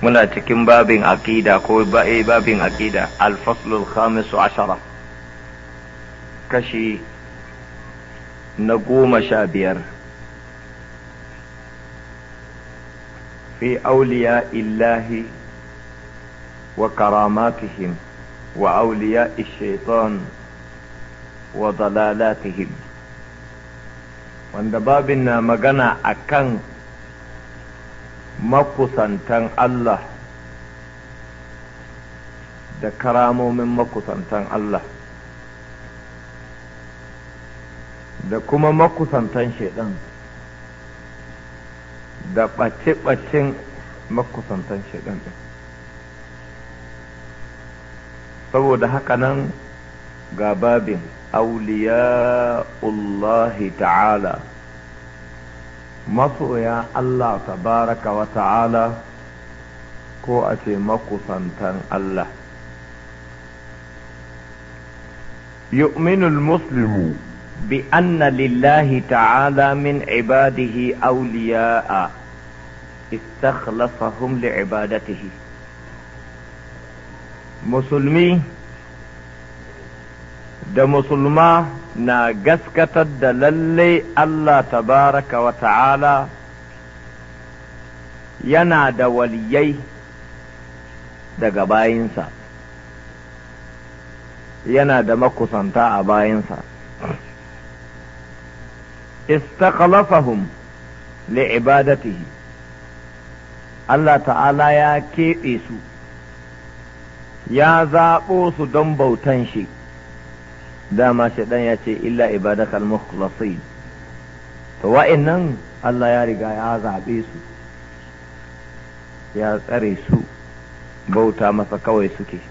muna cikin babin aƙida ko eh, babin aqida al-faslu ashara kashi na goma sha biyar fi auliya illahi wa karamatihim wa auliya shaitan wa dalalatihim wanda babin na magana akan makusantan Allah da karamomin makusantan Allah da kuma makusantan shaidan da ɓace-ɓacen makusantan shaidan ɗin saboda haka nan ga babin auliya Allah ta'ala masoya الله تبارك وتعالى ta'ala ko a ce يؤمن المسلم بأن لله تعالى من عباده أولياء استخلصهم لعبادته مسلمي da musulma na gaskatar da lalle Allah tabaraka wa ta'ala yana da waliyai daga bayinsa yana da makusanta a bayinsa istaqlafahum li'ibadatihi Allah ta'ala ya keɓe su ya zaɓo su don bautan shi dama shaidan ya ce illa al mukhlasin to wa'annan Allah ya riga ya zaɓe su ya tsare su bauta masa kawai suke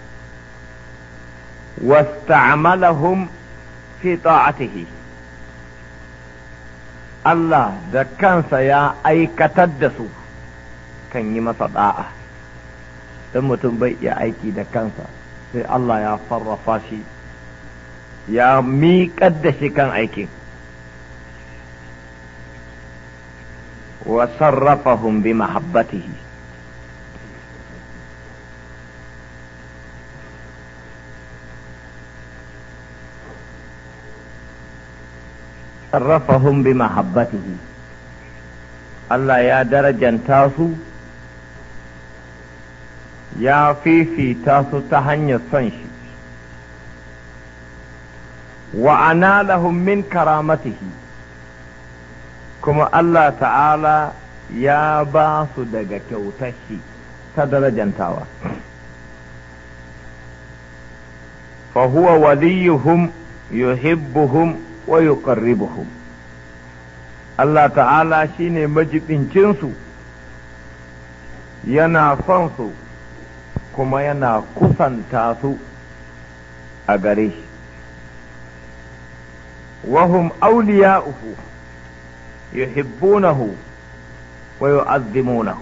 wasta'malahum fi ta'atihi Allah da kansa ya aikatar da su kan yi masa da'a don mutum bai iya aiki da kansa sai Allah ya farrafa shi ya miƙar da shi kan aikin wa sarrafahum bi mahabbatihi sarrafahum bi mahabbatihi Allah ya darajanta su ya fifita su ta hanyar son shi wa analahum min karamatihi kuma Allah ta'ala ya ba su daga kyautashi ta darajantawa fa huwa waliyuhum yuhibbuhum wa yuqarribuhum Allah ta'ala shine majibincinsu yana son su kuma yana kusanta su a gare shi وهم أولياؤه يحبونه ويعظمونه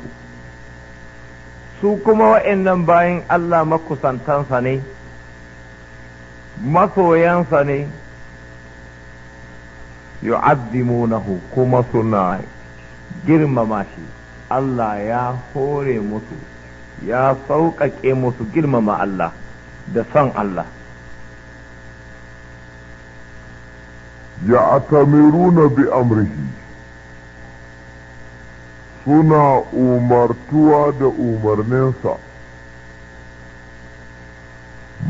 su kuma wa'annan bayan Allah makusantansa ne masoyansa ne yu'azzimunahu kuma suna girmama shi Allah ya hore musu ya sauƙaƙe musu girmama Allah da son Allah ya'tamiruna bi amrihi suna umartuwa da umarninsa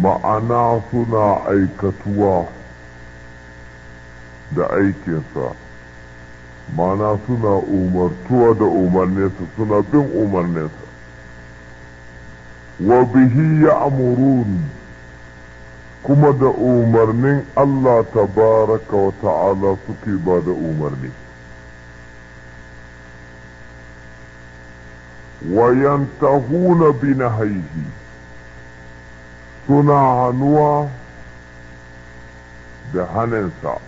ma'ana suna aikatuwa da aikinsa ma'ana suna umartuwa da umarninsa suna bin umarninsa wa bihi ya amuruni kuma da umarnin Allah baraka wa ta'ala suke ba da umarni wayantahuna bi nahyihi suna hannuwa da hannunsa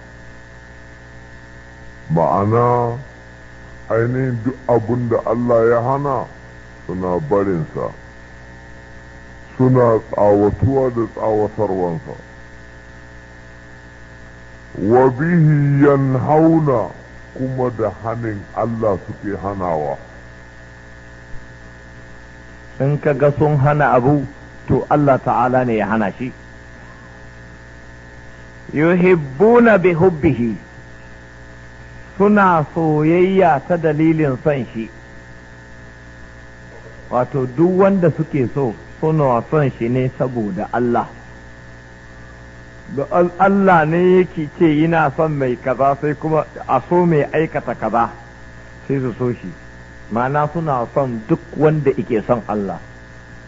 ma'ana ainihin duk abin da Allah ya hana suna barinsa suna tsawatuwa da tsawatarwansa wa bihi yanhauna kuma da hannun Allah suke hanawa in ka ga sun hana abu to Allah ta'ala ne ya hana shi yuhibbuna bi hubbihi suna soyayya ta dalilin son shi wato duk wanda suke so suna son shi ne saboda Allah da Allah ne yake ce yana son mai kaza sai kuma a so mai aikata kaza sai su so shi ma'ana suna son duk wanda yake son Allah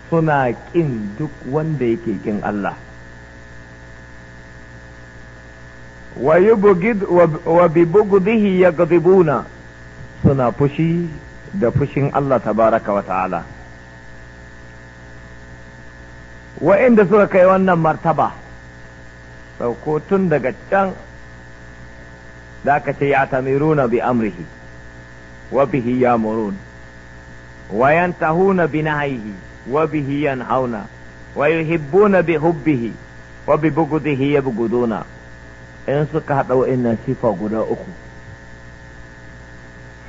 suna ƙin duk wanda yake ƙin Allah wa bi bugudihi ya suna fushi da fushin Allah tabaraka wa ta'ala wa'inda suka kai wannan martaba sauko tun daga can da aka ce ya na bi amrihi wa bihi ya murun wa na bi nahyihi wa bihi hauna wa na bi hubbihi wa bi bughdihi in suka hada wa'annan sifa guda uku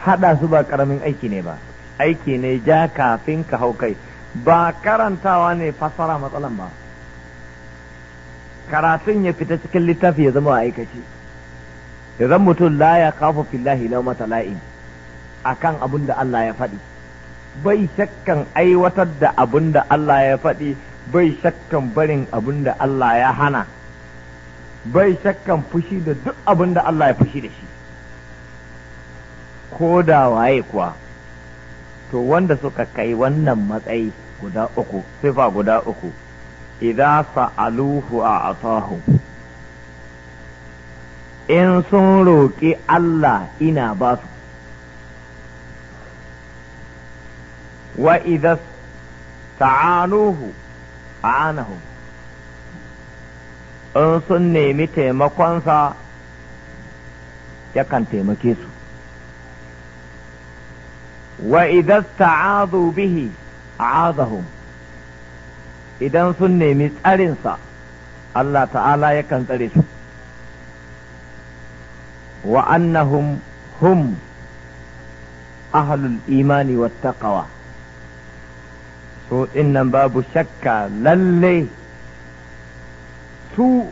haɗa su ba ƙaramin aiki ne ba aiki ne ja kafin ka hau kai ba karantawa ne fassara matsalan ba karatun ya fita cikin littafi ya zama a aikace idan mutum la ya kafa fillahi matala'i a akan abin da Allah ya faɗi bai shakkan aiwatar da abin da Allah ya faɗi bai shakkan barin abin da Allah ya hana bai shakkan fushi da duk abin da Allah ya fushi da shi ko da waye kuwa to wanda suka kai wannan matsayi guda uku sifa guda uku idza sa'aluhu a'tahu in sun roƙi Allah ina ba su wa idza ta'anuhu a'anahu in sun nemi taimakonsa yakan taimake su wa idza ta'adhu bihi a'azahum idan sun nemi tsarinsa Allah ta'ala yakan tsare su wa annahum hum ahlul imani wattaqawa so nan babu shakka lalle su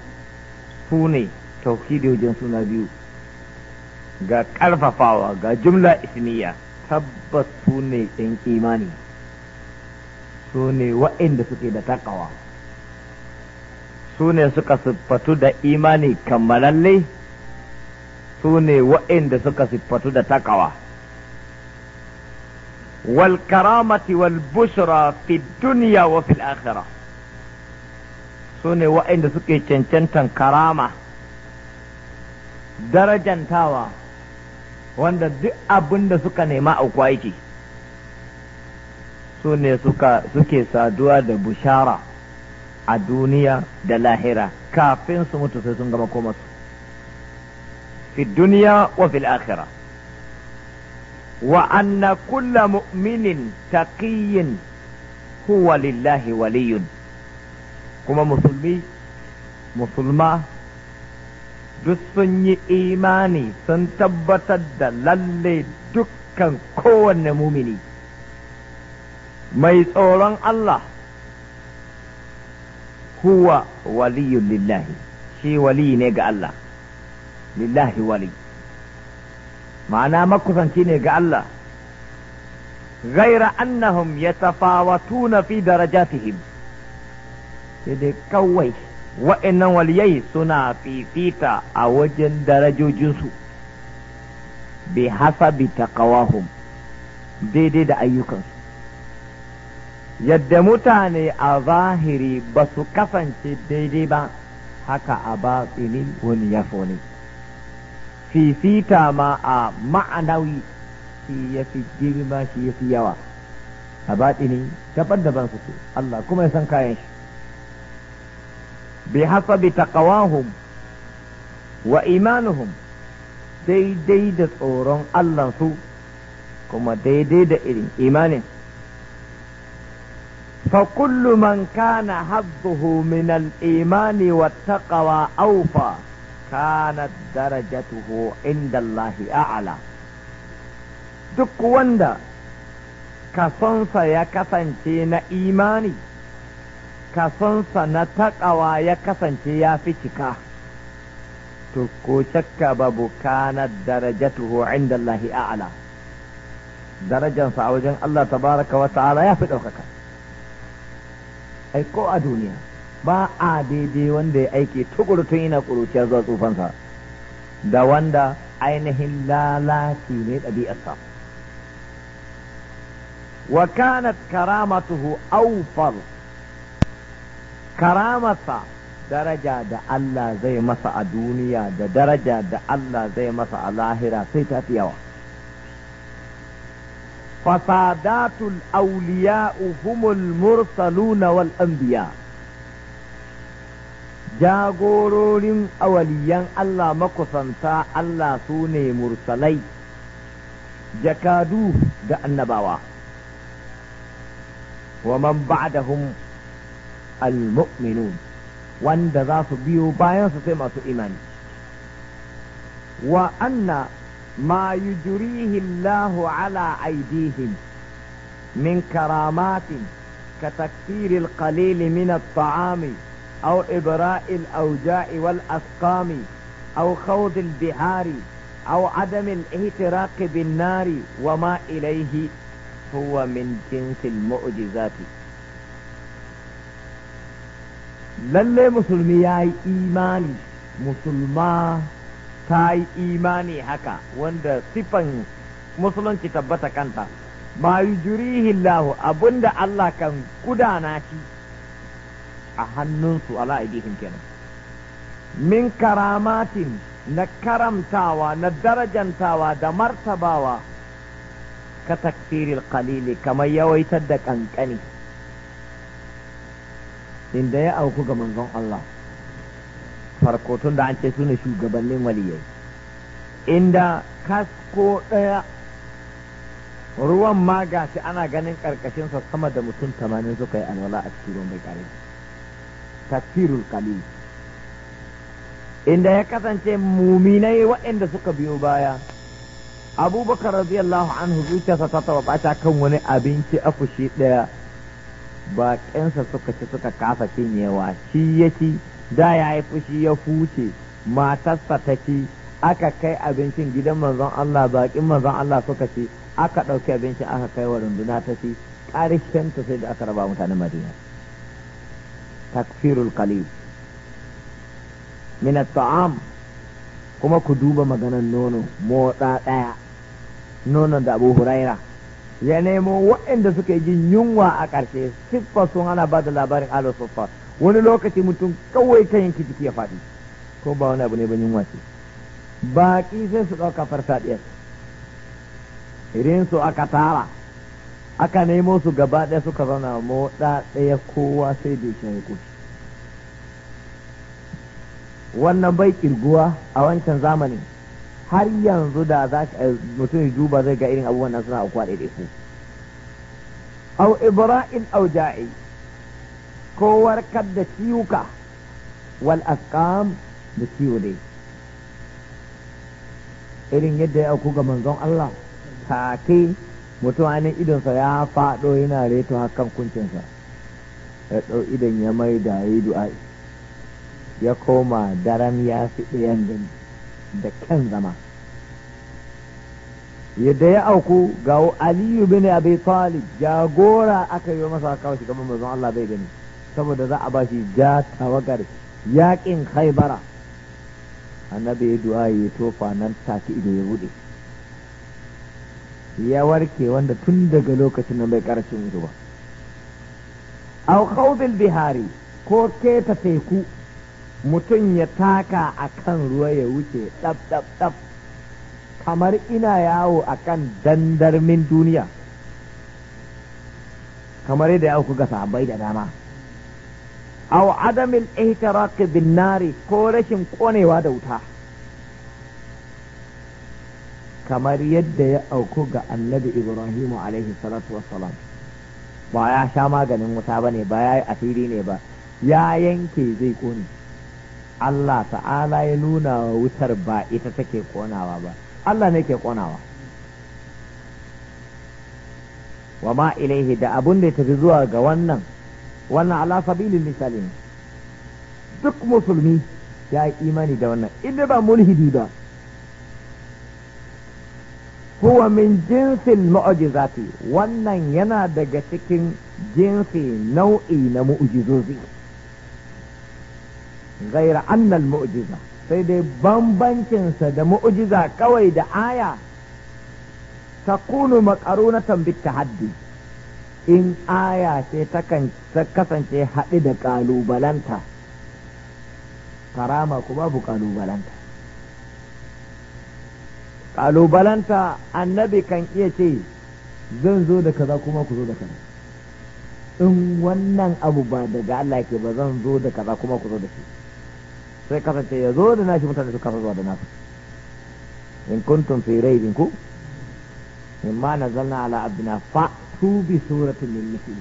su ne tauhidi wajen suna biyu ga ƙarfafawa ga jumla ismiya tabbas su ne imani su ne wa'inda suke da takawa su ne suka siffatu da imani kammalalle su ne wa'inda suka siffatu da takawa wal karamati wal bushra fi duniya wa fil akhirah su ne wa'inda suke cancantan karama darajantawa wanda duk abin da suka nema a yake. su ne suke saduwa da bushara a duniya da lahira kafin su mutu sai sun gama koma su fi duniya wa fil akhira wa anna kulla mu'minin taqiyyin huwa lillahi waliyun kuma musulmi musulma duk sun yi imani sun tabbatar da lalle dukkan kowanne mumini mai tsoron Allah huwa waliyun lillahi shi wali ne ga Allah lillahi wali ma'ana makusanci ne ga Allah gaira annahum tuna fi darajatihim sai dai kawai wa'inan waliyai suna fifita a wajen darajojinsu bi hasabi taqawahum daidai da ayyukansu yadda mutane a zahiri ba su kasance daidai ba haka a batsini wani ya ne fifita ma a ma'anawi shi ya fi girma shi ya fi yawa a batsini daban daban su Allah kuma ya san kayan shi bi hasabi taqawahum wa imanuhum daidai da tsoron Allah kuma daidai da irin imanin فكل من كان حظه من الإيمان والتقوى أوفى كانت درجته عند الله أعلى duk wanda kasonsa ya kasance na imani kasonsa na taƙawa ya kasance ya fi cika to ko shakka babu kanat darajatuhu inda Allah a'ala darajansa a wajen Allah tabaraka wa ta'ala ya fi ɗaukaka Aiko a duniya ba a daidai wanda ya aiki tukuru tun yana ƙuruciya zuwa tsufansa da wanda ainihin lalaci ne ɗabi'arsa wa kanat karamatuhu awfar karamarsa daraja da Allah zai masa a duniya da daraja da Allah zai masa a lahira sai ta fi yawa فسادات الاولياء هم المرسلون والانبياء جا جاغورورين اوليان الله مكوسانتا الله سوني مرسلي جكادو دا النبوة ومن بعدهم المؤمنون وان ذا بيو باين ستيما سو وان ما يجريه الله على أيديهم من كرامات كتكثير القليل من الطعام أو إبراء الأوجاع والأسقام أو خوض البحار أو عدم الاهتراق بالنار وما إليه هو من جنس المعجزات للي مسلمي ya yi ta yi imani haka wanda sifan musulunci tabbata kanta ma yujrihi Allah abinda Allah kan gudana shi a hannunsu ala aidihim kenan min karamatin na karamtawa na darajantawa da martabawa ka takfiril kalili kamar yawaitar da kankani inda ya auku ga manzon Allah farko tun da an ce su ne shugabannin waliyai inda kasko ɗaya ruwan ma gashi ana ganin ƙarƙashinsa sama da mutum tamanin suka yi alwala a cikin ruwan bai ƙare tafsirul qalil inda ya kasance muminai waɗanda suka biyo baya abubakar radiyallahu anhu zuciyarsa ta taba bata kan wani abinci akushi ɗaya baƙinsa suka ci suka kasa cinyewa shi ya ci da ya yi fushi ya huce matarsa ta ci aka kai abincin gidan manzon Allah baƙin manzon Allah suka ci aka ɗauki abincin aka kai wa runduna ta ci ƙarshen ta sai da aka raba mutanen Madina takfirul qalil min taam kuma ku duba maganar nono motsa ɗaya nono da Abu Huraira ya nemo waɗanda suka yi jin yunwa a ƙarshe siffa sun ana ba da labarin alu wani lokaci mutum kawai kan yanki jiki ya faɗi ko ba wani abu ne ban yunwa ce baƙi sai su ɗauka farsa ɗiyar. irin su aka tara aka nemo su gaba ɗaya suka zauna moɗa ɗaya kowa sai da ya kushi wannan bai kirguwa a wancan zamani har yanzu da za mutum duba zai ga irin abubuwan nan suna ɗaya ɗaiɗaiku au ibra'in au ja'i ko warkar da ciwuka wal asqam da ciwo dai irin yadda ya auku ga manzon Allah take mutuwa ne idonsa ya faɗo yana reto hakan kuncinsa ya ɗau idon ya mai da yi du'a'i ya koma daram ya fi ɗayan gani da kyan zama yadda ya auku ga aliyu bin abi talib jagora aka yi masa kawo gaban manzon Allah bai gani saboda za a ba shi ja tawagar yaƙin haibara annabi ya du'a ya tofa nan take ido ya buɗe ya warke wanda tun daga lokacin nan bai karashin ruwa au bihari ko keta teku mutum ya taka a kan ruwa ya wuce ɗab ɗab ɗab kamar ina yawo a kan dandarmin duniya kamar yadda ya kuka sahabbai da dama aw adamil ihtiraq bin nari ko rashin konewa da wuta kamar yadda ya auku ga annabi ibrahim alaihi salatu wassalam ba ya sha maganin wuta ba ne ba ya yi asiri ne ba ya yanke zai kone Allah ta'ala ya nuna wa wutar ba ita take konawa ba Allah ne ke konawa wa ma ilaihi da abun da ya tafi zuwa ga wannan wannan ala sabilin duk musulmi ya yi imani da wannan inda ba mulhidi ba huwa min jinsin mu'jizati wannan yana daga cikin jinsi nau'i na mu'jizozi gaira annal mu'jiza sai dai bambancinsa da mu'jiza kawai da aya takunu na bit haddi. in aya ce takan kasance haɗi da ƙalubalanta karama ku babu ƙalubalanta ƙalubalanta annabi kan iya ce zan zo da kaza kuma ku zo da kaza in wannan abu ba daga Allah ke ba zan zo da kaza kuma ku zo da shi sai kasance ya zo da nashi mutane su kasa zuwa da nasu in kuntum fi raibin ku na nazalna ala abdina fa su bi suratin min misli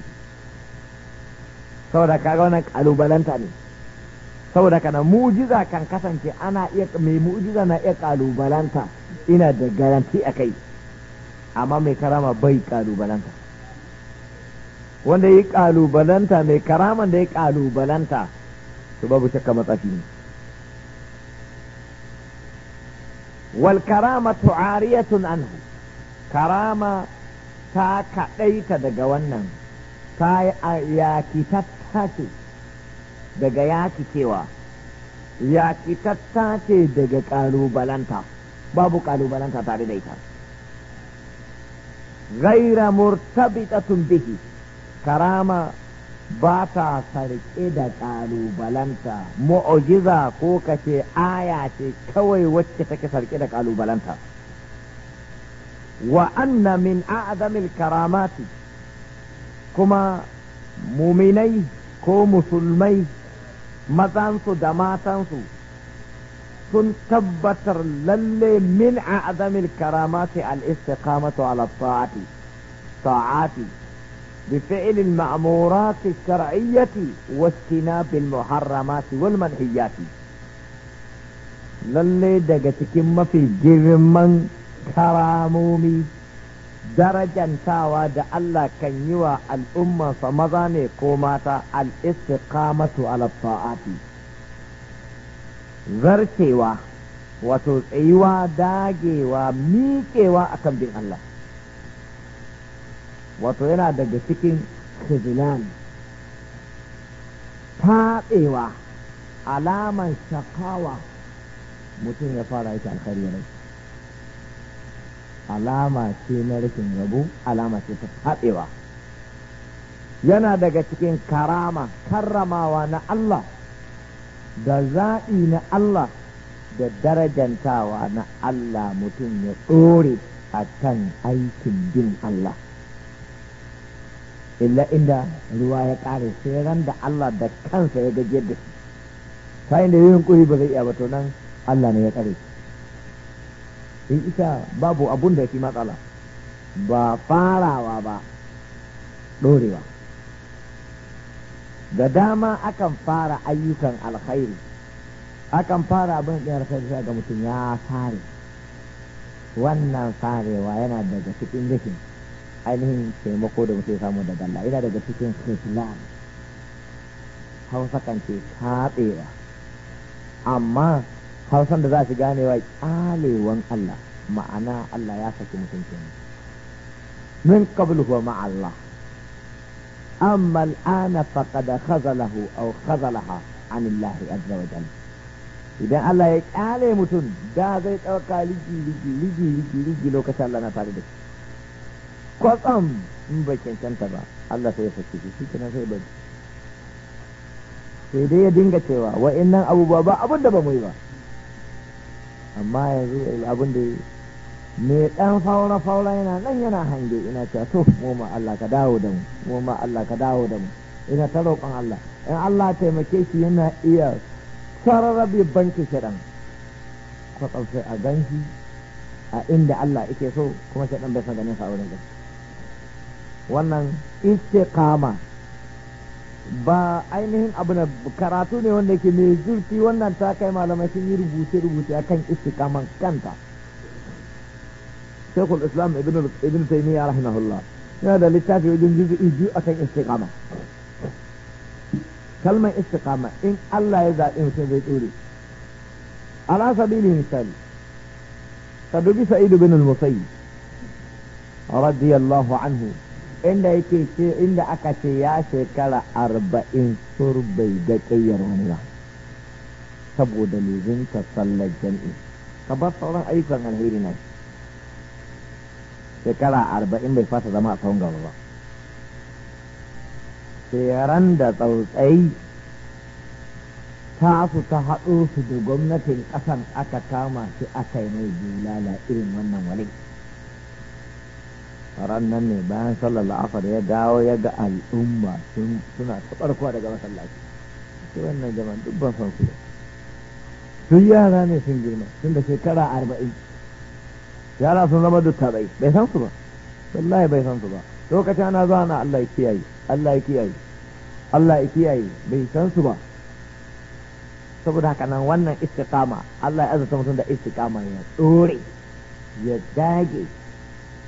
saboda kaga wannan kalubalanta ne saboda kana mu'jiza kan kasance ana iya mai mu'jiza na iya kalubalanta ina da garanti a kai amma mai karama bai kalubalanta wanda ya kalubalanta mai karaman da ya kalubalanta su babu shakka matsafi ne wal karama tu'ariyatun anhu karama ta kaɗaita daga wannan ta yakitatta tattace daga yakitewa yakitatta tattace daga ƙalubalanta babu ƙalubalanta tare da ita gaira murtabitatun bihi karama ba ta sarƙe da ƙalubalanta mu'ujiza ko kace aya ce kawai wacce take sarƙe da ƙalubalanta wa anna min a'zamil karamati kuma muminai ko musulmai mazansu da matansu sun tabbatar lallai min a'zamil karamati al-istiqamatu ala ta'ati ta'ati بفعل المأمورات الشرعية واجتناب المحرمات والمنهيات للي دقتك ما في جيب من karamomi darajantawa da Allah kan yi wa al'ummarsa maza ne ko mata al'istiqamatu ala ta'ati zarcewa wato tsayuwa dagewa miƙewa akan bin Allah wato yana daga cikin khizilan taɓewa alaman shakawa mutum ya fara yake alkhari rai alama ce na rashin rabu alama ce ta taɓewa yana daga cikin karama karramawa na Allah da zaɗi na Allah da darajantawa na Allah mutum ya tsore a kan aikin bin Allah illa inda ruwa ya ƙare sai ran da Allah da kansa ya gajiyar da shi ta da yi ƙuri ba zai iya ba to nan Allah ne ya ƙare shi in isa babu abun da ya fi matsala ba farawa ba ɗorewa da dama akan fara ayyukan alkhairi akan fara abin da alkhairi sai ga mutum ya fare wannan farewa yana daga cikin rikin ainihin taimako da mutum ya samu daga Allah yana daga cikin islam hausa kan ce katsewa amma hausan da za su gane wa kyalewan Allah ma'ana Allah ya saki mutum kenan min qablu huwa ma Allah amma al'ana faqad khazalahu aw khazalaha an Allah azza wa jalla idan Allah ya kyale mutum da zai ɗauka ligi ligi ligi ligi ligi lokacin Allah na faru da shi kwatsam in ba cancanta ba Allah sai ya saki shi shi kenan sai bari sai dai ya dinga cewa wa'annan abubuwa ba abin da ba mu yi ba amma yanzu abin da me dan faura faura yana nan yana hange ina cewa to mu ma Allah ka dawo da mu mu ma Allah ka dawo da mu ina ta roƙon Allah in Allah taimake shi yana iya sararrabe banki shaɗan kwatsam sai a ganshi a inda Allah yake so kuma shaɗan bai san ganin sa a wurin wannan istiqama ba ainihin abu na karatu ne wanda ke mai zurfi wannan ta kai malamai sun yi rubuce-rubuce a kan istikaman kanta shekul islam ibn taimiyya rahimahullah yana da littafi wajen juzu'i biyu akan istikama kalmar istikama in Allah ya zaɓi mutum zai ɗore ala sabili misali ka dubi sa'idu bin al-musayyib radiyallahu anhu inda yake ce inda aka ce ya shekara arba'in sur bai ga ƙayyar wani ba saboda ta sallar jam'i ka bar sauran ayyukan alheri na shekara arba'in bai fasa zama a tsawon gaba ba tseren da tsautsayi ta su ta haɗo su da gwamnatin ƙasan aka kama shi aka yi mai bulala irin wannan wani ran nan ne bayan sallar la'afar ya dawo ya ga al'umma suna tabarkuwa daga masallaci sai wannan jama'a duk ban san su sun yara ne sun girma tun da shekara arba'in yara sun zama dutta bai san su ba wallahi bai san su ba lokacin ana zuwa na Allah ya kiyaye Allah ya kiyaye Allah ya kiyaye bai san su ba saboda haka nan wannan istiqama Allah ya azurta mutum da istiqama ya dore ya dage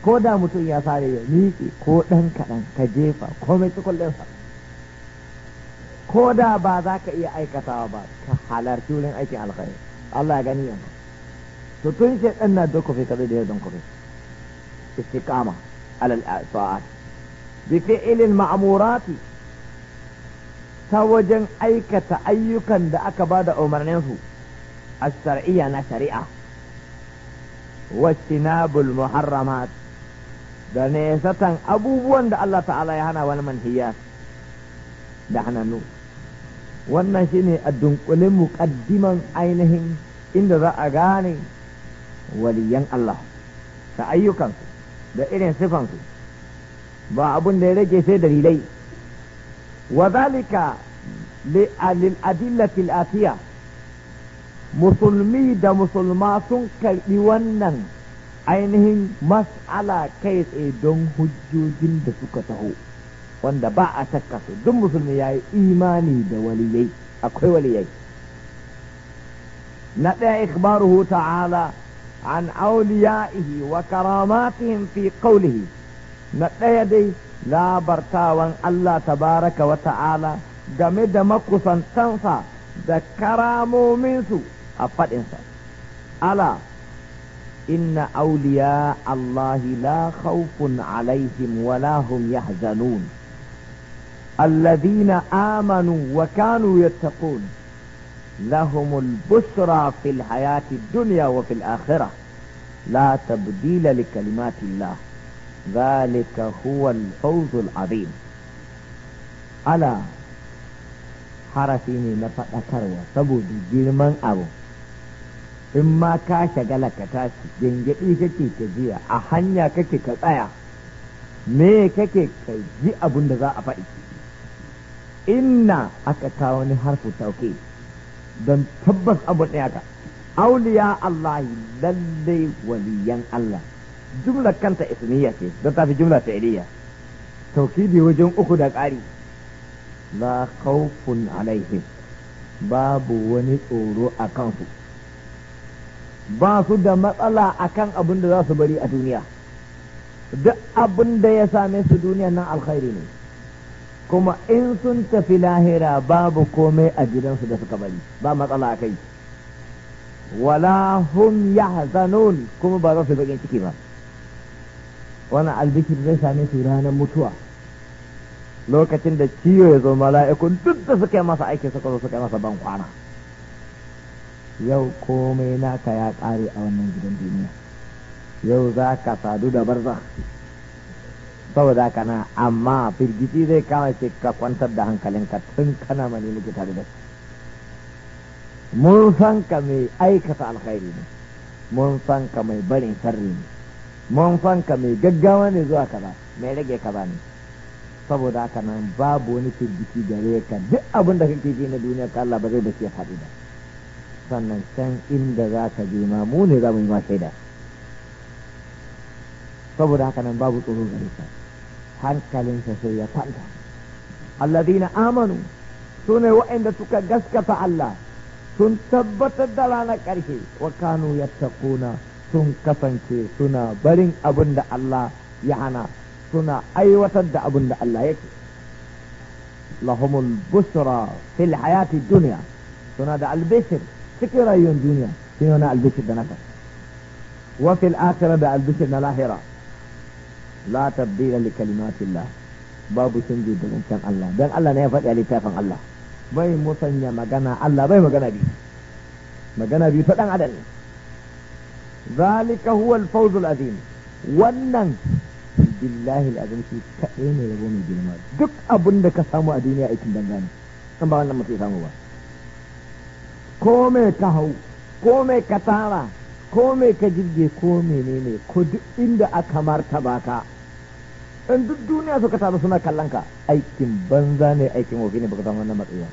ko da mutum ya fara ya miƙe ko ɗan kaɗan ka jefa komai tukullinsa ko da ba za ka iya aikatawa ba ka halarci wurin aikin alkhairi Allah ya gani yamma to tun shi ɗan na dokufi kaɗai da ya dokufi istiqama alal ta'at bi fi'ilil ma'murati ta wajen aikata ayyukan da aka ba da umarnin umarninsu a shar'iyya na shari'a wa sinabul muharramat da satan abubuwan da Allah ta'ala ya hana wani manhiya da hanannu wannan shine a dunkulin muƙaddiman ainihin inda za a gane waliyan Allah da ayyukansu da irin sifansu ba abun da ya rage sai dalilai wa zalika lil adillati musulmi da musulma sun karbi wannan ainihin mas'ala kai tsaye don hujjojin da suka taho wanda ba a shakka su duk musulmi ya yi imani da waliyai akwai waliyai na ɗaya ikbaruhu ta'ala an auliya'ihi wa karamatihim fi qawlihi na ɗaya dai labartawan Allah tabaraka wa ta'ala game da makusantansa da karamominsu a faɗinsa ala إن أولياء الله لا خوف عليهم ولا هم يحزنون الذين آمنوا وكانوا يتقون لهم البشرى في الحياة الدنيا وفي الآخرة لا تبديل لكلمات الله ذلك هو الفوز العظيم ألا حرفي من أكروا سبو جرمان أبو in ma ka shagala ka tashi gingiɗi kake ka jiya a hanya kake ka tsaya me kake ka ji abin da za a faɗi inna aka kawo wani harfu tauke don tabbas abu ɗaya ka auliya Allah lalle waliyan Allah Jumla kanta ismiya ce don tafi jumla ta fi'liya tauhidi wajen uku da ƙari la khawfun alaihim babu wani tsoro a kansu ba su da matsala a kan abin da za su bari a duniya duk abin da ya same su duniya nan alkhairi ne kuma in sun tafi lahira babu komai a gidansu da suka bari ba matsala a kai wala hum yahzanun kuma ba za su baƙin ciki ba wannan albikin zai same su ranar mutuwa lokacin da ciwo ya zo mala'ikun duk da suka yi masa aiki suka zo suka yi masa ban kwana yau komai naka ya ƙare a wannan gidan duniya yau za ka sadu da barza saboda na amma firgiti zai kama ce ka kwantar da hankalinka tun kana mani likita da mun san ka mai aikata alkhairi ne mun san ka mai barin sarri ne mun san ka mai gaggawa ne zuwa kaza mai rage kaza ne saboda haka nan babu wani firgici gare ka duk abin da kake ji na duniya ka Allah ba zai da ke faɗi ba sannan can inda za ka je ma mu ne za mu yi ma shaida saboda haka nan babu tsoro gare ka hankalinsa sai ya kwanta alladina amanu su ne waɗanda suka gaskata Allah sun tabbatar da ranar ƙarshe wa kanu yattaquna sun kasance suna barin abin da Allah ya hana suna aiwatar da abin da Allah yake lahumul busra fil hayati duniya suna da albishir cikin rayuwar duniya shi ne wani albishir da naka wa fil akhirah da albishir na lahira la tabdila li kalimatillah babu canji da zancen Allah dan Allah ne ya faɗi a littafin Allah bai musanya magana Allah bai magana bi magana bi ta dan adam zalika huwa al-fawz al-azim wannan billahi al-azim shi kadai ne rabo mai girma duk abin da ka samu a duniya aikin dangane kan ba wannan mutum samu ba ko mai ka hau ko mai ka tara ko mai ka jirge ko menene ko duk inda aka martaba ka in duk duniya suka taru suna kallon ka aikin banza ne aikin wofi ne baka samu wannan matsayi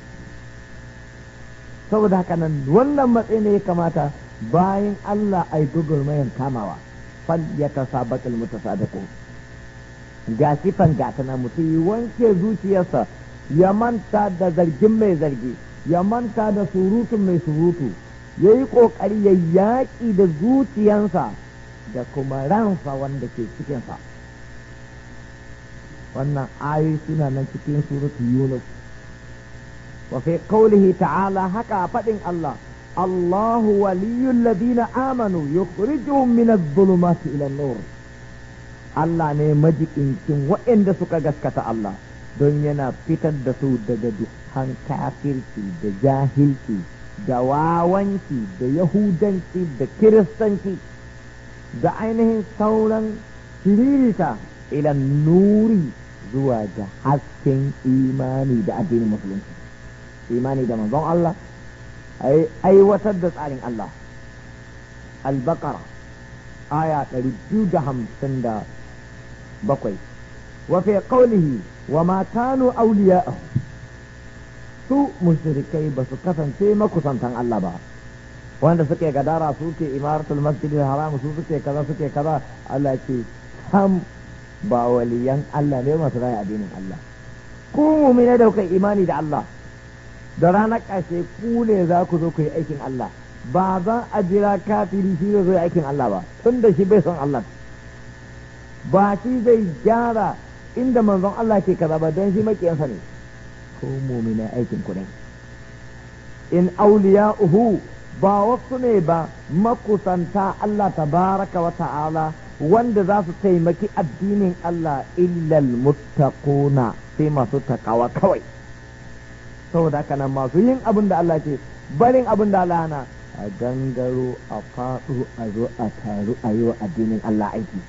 saboda haka nan wannan matsayi ne ya kamata bayan Allah ai gugurmayan kamawa fal ya tasabaqal mutasabiqun ga sifan gata na mutum wanke zuciyarsa ya manta da zargin mai zargi ya manta da surutun mai surutu ya yi ƙoƙari ya yaƙi da zuciyansa da kuma ransa wanda ke cikinsa wannan ayoyi suna nan cikin surutu yunus wafe kaulihi ta'ala haka faɗin Allah Allahu waliyul ladina amanu yukhrijuhum min adh-dhulumati ila Allah ne majikincin waɗanda suka gaskata Allah don yana fitar da su daga dukkan kafirci da jahilci da wawanci da yahudanci da kiristanci da ainihin sauran firirta ilan nuri zuwa ga hasken imani da addinin musulunci imani da manzon Allah aiwatar da tsarin Allah albakara aya 257 wa fi qawlihi wa ma kanu su mushrikai ba su kasance makusantan Allah ba wanda suke gadara suke imaratul masjidil haram su suke kaza suke kaza Allah ce sam ba waliyan Allah ne masu raya addinin Allah ku mu'mina da kai imani da Allah da ranar ƙarshe ku ne za ku zo ku yi aikin Allah ba za a jira kafiri shi zai zo aikin Allah ba tun da shi bai son Allah ba shi zai gyara inda manzon Allah ke kaza ba don shi makiyansa ne ko mumina aikin ku ne in uhu ba wasu ne ba makusanta Allah tabaraka wa ta'ala wanda za su taimaki addinin Allah illal muttaquna sai masu takawa kawai saboda haka nan masu yin abin da Allah ke barin abin da Allah na a gangaro a faɗo a zo a taru a yi wa addinin Allah aiki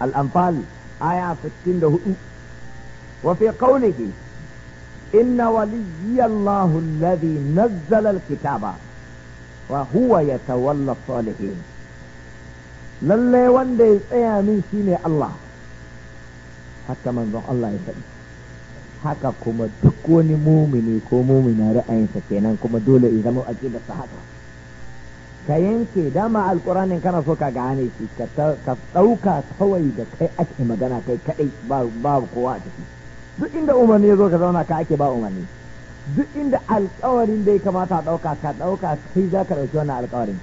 al'amfal aya 64 wa fi qawlihi inna waliyallahu alladhi nazzala alkitaba wa huwa yatawalla salihin lalle wanda ya tsaya min shine Allah haka manzon Allah ya faɗi haka kuma duk wani mumini ko mumina ra'ayinsa kenan kuma dole ya zama aƙidarsa haka ka yanke dama alƙuranin kana so ka gane shi ka ɗauka kawai da kai ake magana kai kaɗai ba kowa a ciki duk inda umarni ya zo ka zauna ka ake ba umarni duk inda alƙawarin da ya kamata ɗauka ka ɗauka kai za ka ɗauki wannan alƙawarin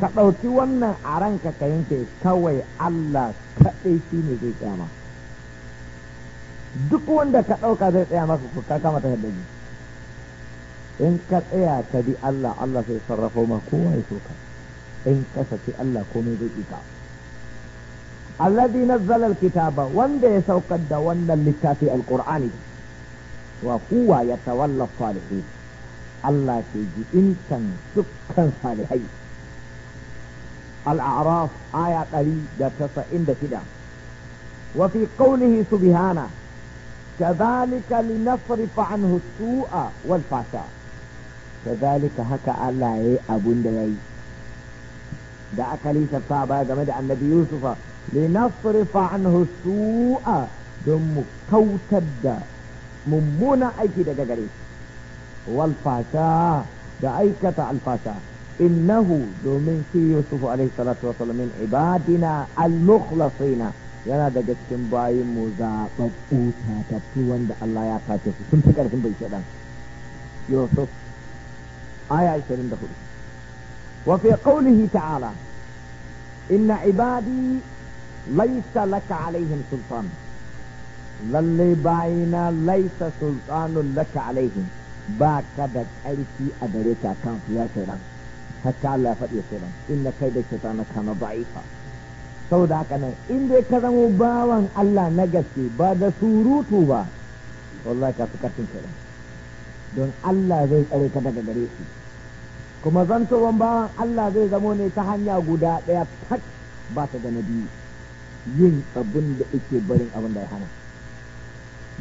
ka ɗauki wannan a ranka ka yanke kawai Allah kaɗai shi ne zai tsaya duk wanda ka ɗauka zai tsaya maka ka kama ta jiki in ka tsaya ka bi Allah Allah sai sarrafo ma kowa ya so ka in ka saki Allah komai zai ika alladhi nazzala alkitaba wanda ya saukar da wannan littafi alqur'ani wa huwa yatawalla salihin Allah ke kan dukkan salihai araf aya ɗari da tasa'in da shida wa fi qawlihi subhana كذلك لنصرف عنه السوء والفحشاء ka zalika haka Allah ya yi abun da ya yi da aka lisafta ba game da annabi yusufa linasrifa anhu su'a don mu kautar da mummunan aiki daga gare walfata da aikata alfata innahu domin shi yusuf alaihi salatu wasallam min ibadina al-mukhlasina yana daga cikin bayin mu zaɓaɓɓu tatattu wanda Allah ya kace su sun fi ƙarfin bai shaɗan yusuf aya 24 wa fi qawlihi ta'ala inna ibadi laysa laka alaihim lallai lalle bayina laisa sultanun laka alaihim ba ka da aiki a dare ka kan ya shaidan hatta Allah ya faɗi shaidan inna kai da shaitana kana da'ifa saboda haka nan in dai ka zamo bawan Allah na gaske ba da surutu ba wallahi ka fi karfin shaidan don Allah zai tsare ka daga gare su kuma zantowan bawan Allah zai zamo ne ta hanya guda ɗaya tak ba ta gane biyu yin abin da yake barin abin da ya hana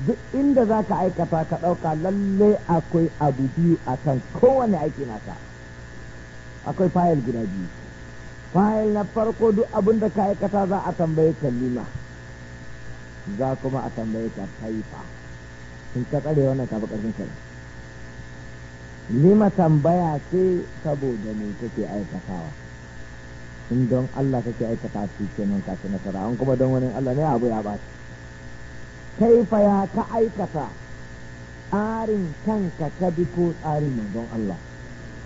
duk inda za ka aikata ka ɗauka lalle akwai abu biyu a kan kowane aiki nasa akwai fayil guda biyu fayil na farko duk abin da ka aikata za a tambaye kalima za kuma a tambaye ka taifa in ka tsare wannan tafi ƙarfin kai lima tambaya ce saboda me take aikatawa in don Allah kake aikata shi nan, ka ci nasara an kuma don wani Allah ne abu ya ba kai fa ya ka aikata tsarin kanka ka bi ko tsarin manzon Allah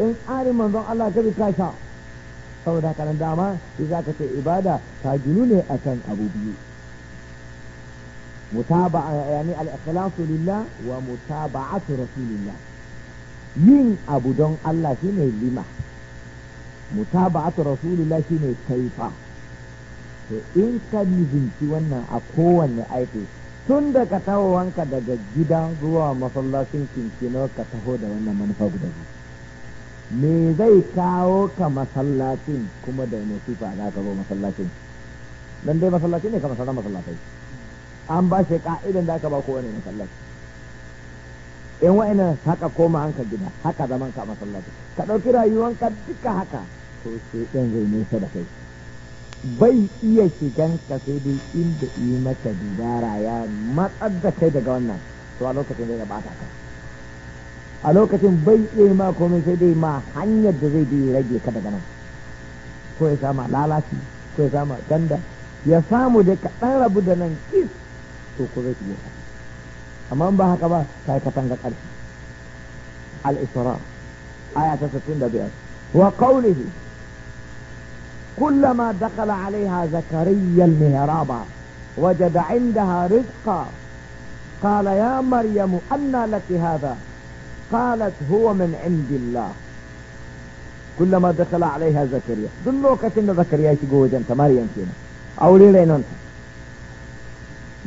in tsarin manzon Allah ka bi ka sha saboda kanan dama shi za ka ce ibada ta ginu ne a kan abu biyu mutaba yani al-ikhlasu lillah wa mutaba'atu rasulillah yin abu don Allah ne lima mutaba'atu rasulullah ne kaifa to in ka nizinci wannan a kowanne aiki tun da daga tawowanka daga gida zuwa masallacin kinkino ka taho da wannan manufa guda me zai kawo ka masallacin kuma da nufifa za ka zo masallacin dan dai masallacin ne ka masallan masallatai an ba shi ka'idan da aka ba kowane masallaci in wa'ina haka koma hanka gida haka zaman ka masallaci ka ɗauki rayuwanka duka haka to sai ɗan zai nesa da kai bai iya shigan ka sai dai inda yi maka dubara ya matsar da kai daga wannan to a lokacin zai bata ka a lokacin bai iya ma komai sai dai ma hanyar da zai bi rage ka daga nan ko ya sama lalaci ko ya sama ganda ya samu da ka ɗan rabu da nan kis to ko zai iya amma in ba haka ba ta yi katanga ƙarfi al-isra aya ta 65 wa qawlihi كلما دخل عليها زكريا المهراب وجد عندها رزقا قال يا مريم أنى لك هذا قالت هو من عند الله كلما دخل عليها زكريا دلوكة إن زكريا يشقو وجنت مريم كينا أو ليلين أنت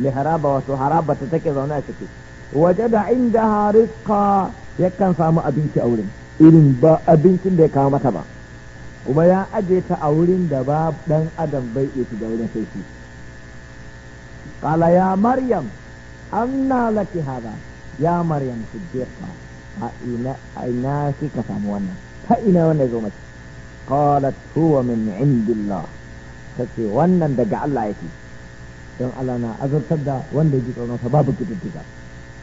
mihraba wato haraba ta take zaune a ciki wajada indaha rizqa yakan samu abinci a wurin irin ba abincin da ya kawo mata ba kuma ya aje ta a wurin da ba dan adam bai iya da wurin sai shi qala ya maryam anna laki hada ya maryam siddiqa a ina ina kika samu wannan ta ina wannan zo mata qalat huwa min indillah tace wannan daga Allah yake don Allah na azurtar da wanda ya ji tsoronsa babu kididdiga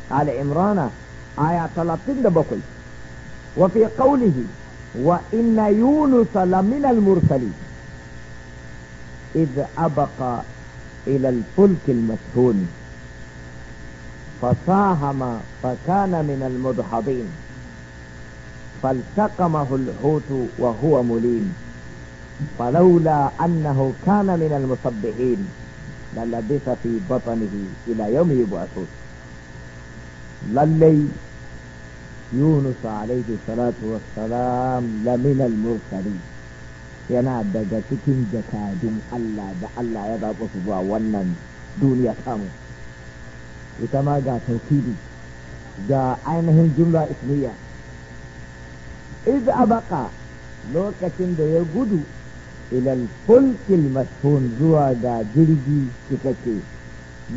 ala imrana aya talatin da bakwai wa fi qawlihi wa inna yunus lamin al mursali إذ أبقى إلى الفلك المسهول فساهم فكان من المدحضين فالتقمه الحوت وهو مليم فلولا أنه كان من المصبحين lalabisa fi batnihi ila yawmi yub'athun lallai yunus alaihi salatu wassalam lamin al yana daga cikin jakadun Allah da Allah ya zaɓa su zuwa wannan duniya tamu ita ma ga tauhidi da ainihin jumla ismiya iz abaka lokacin da ya gudu ilal fulkin mashhun zuwa ga jirgi cikakke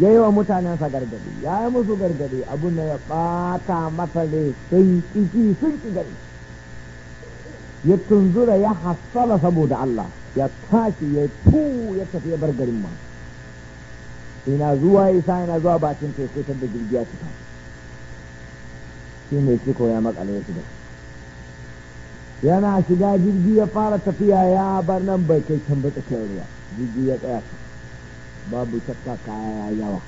ya yi wa mutanensa gargadi ya yi musu gargadi abun da ya fata masa ne sun ƙishi sun ki gari ya tunzura ya hasara saboda Allah ya tashi ya tu ya tafi ya bar garin ma ina zuwa isa ina zuwa bakin teku da jirgi ya fita shi ne ciko ya makale ya da yana shiga jirgi ya fara tafiya ya bar nan bai kai can ba tsakiyar jirgi ya tsaya babu shakka kaya yawa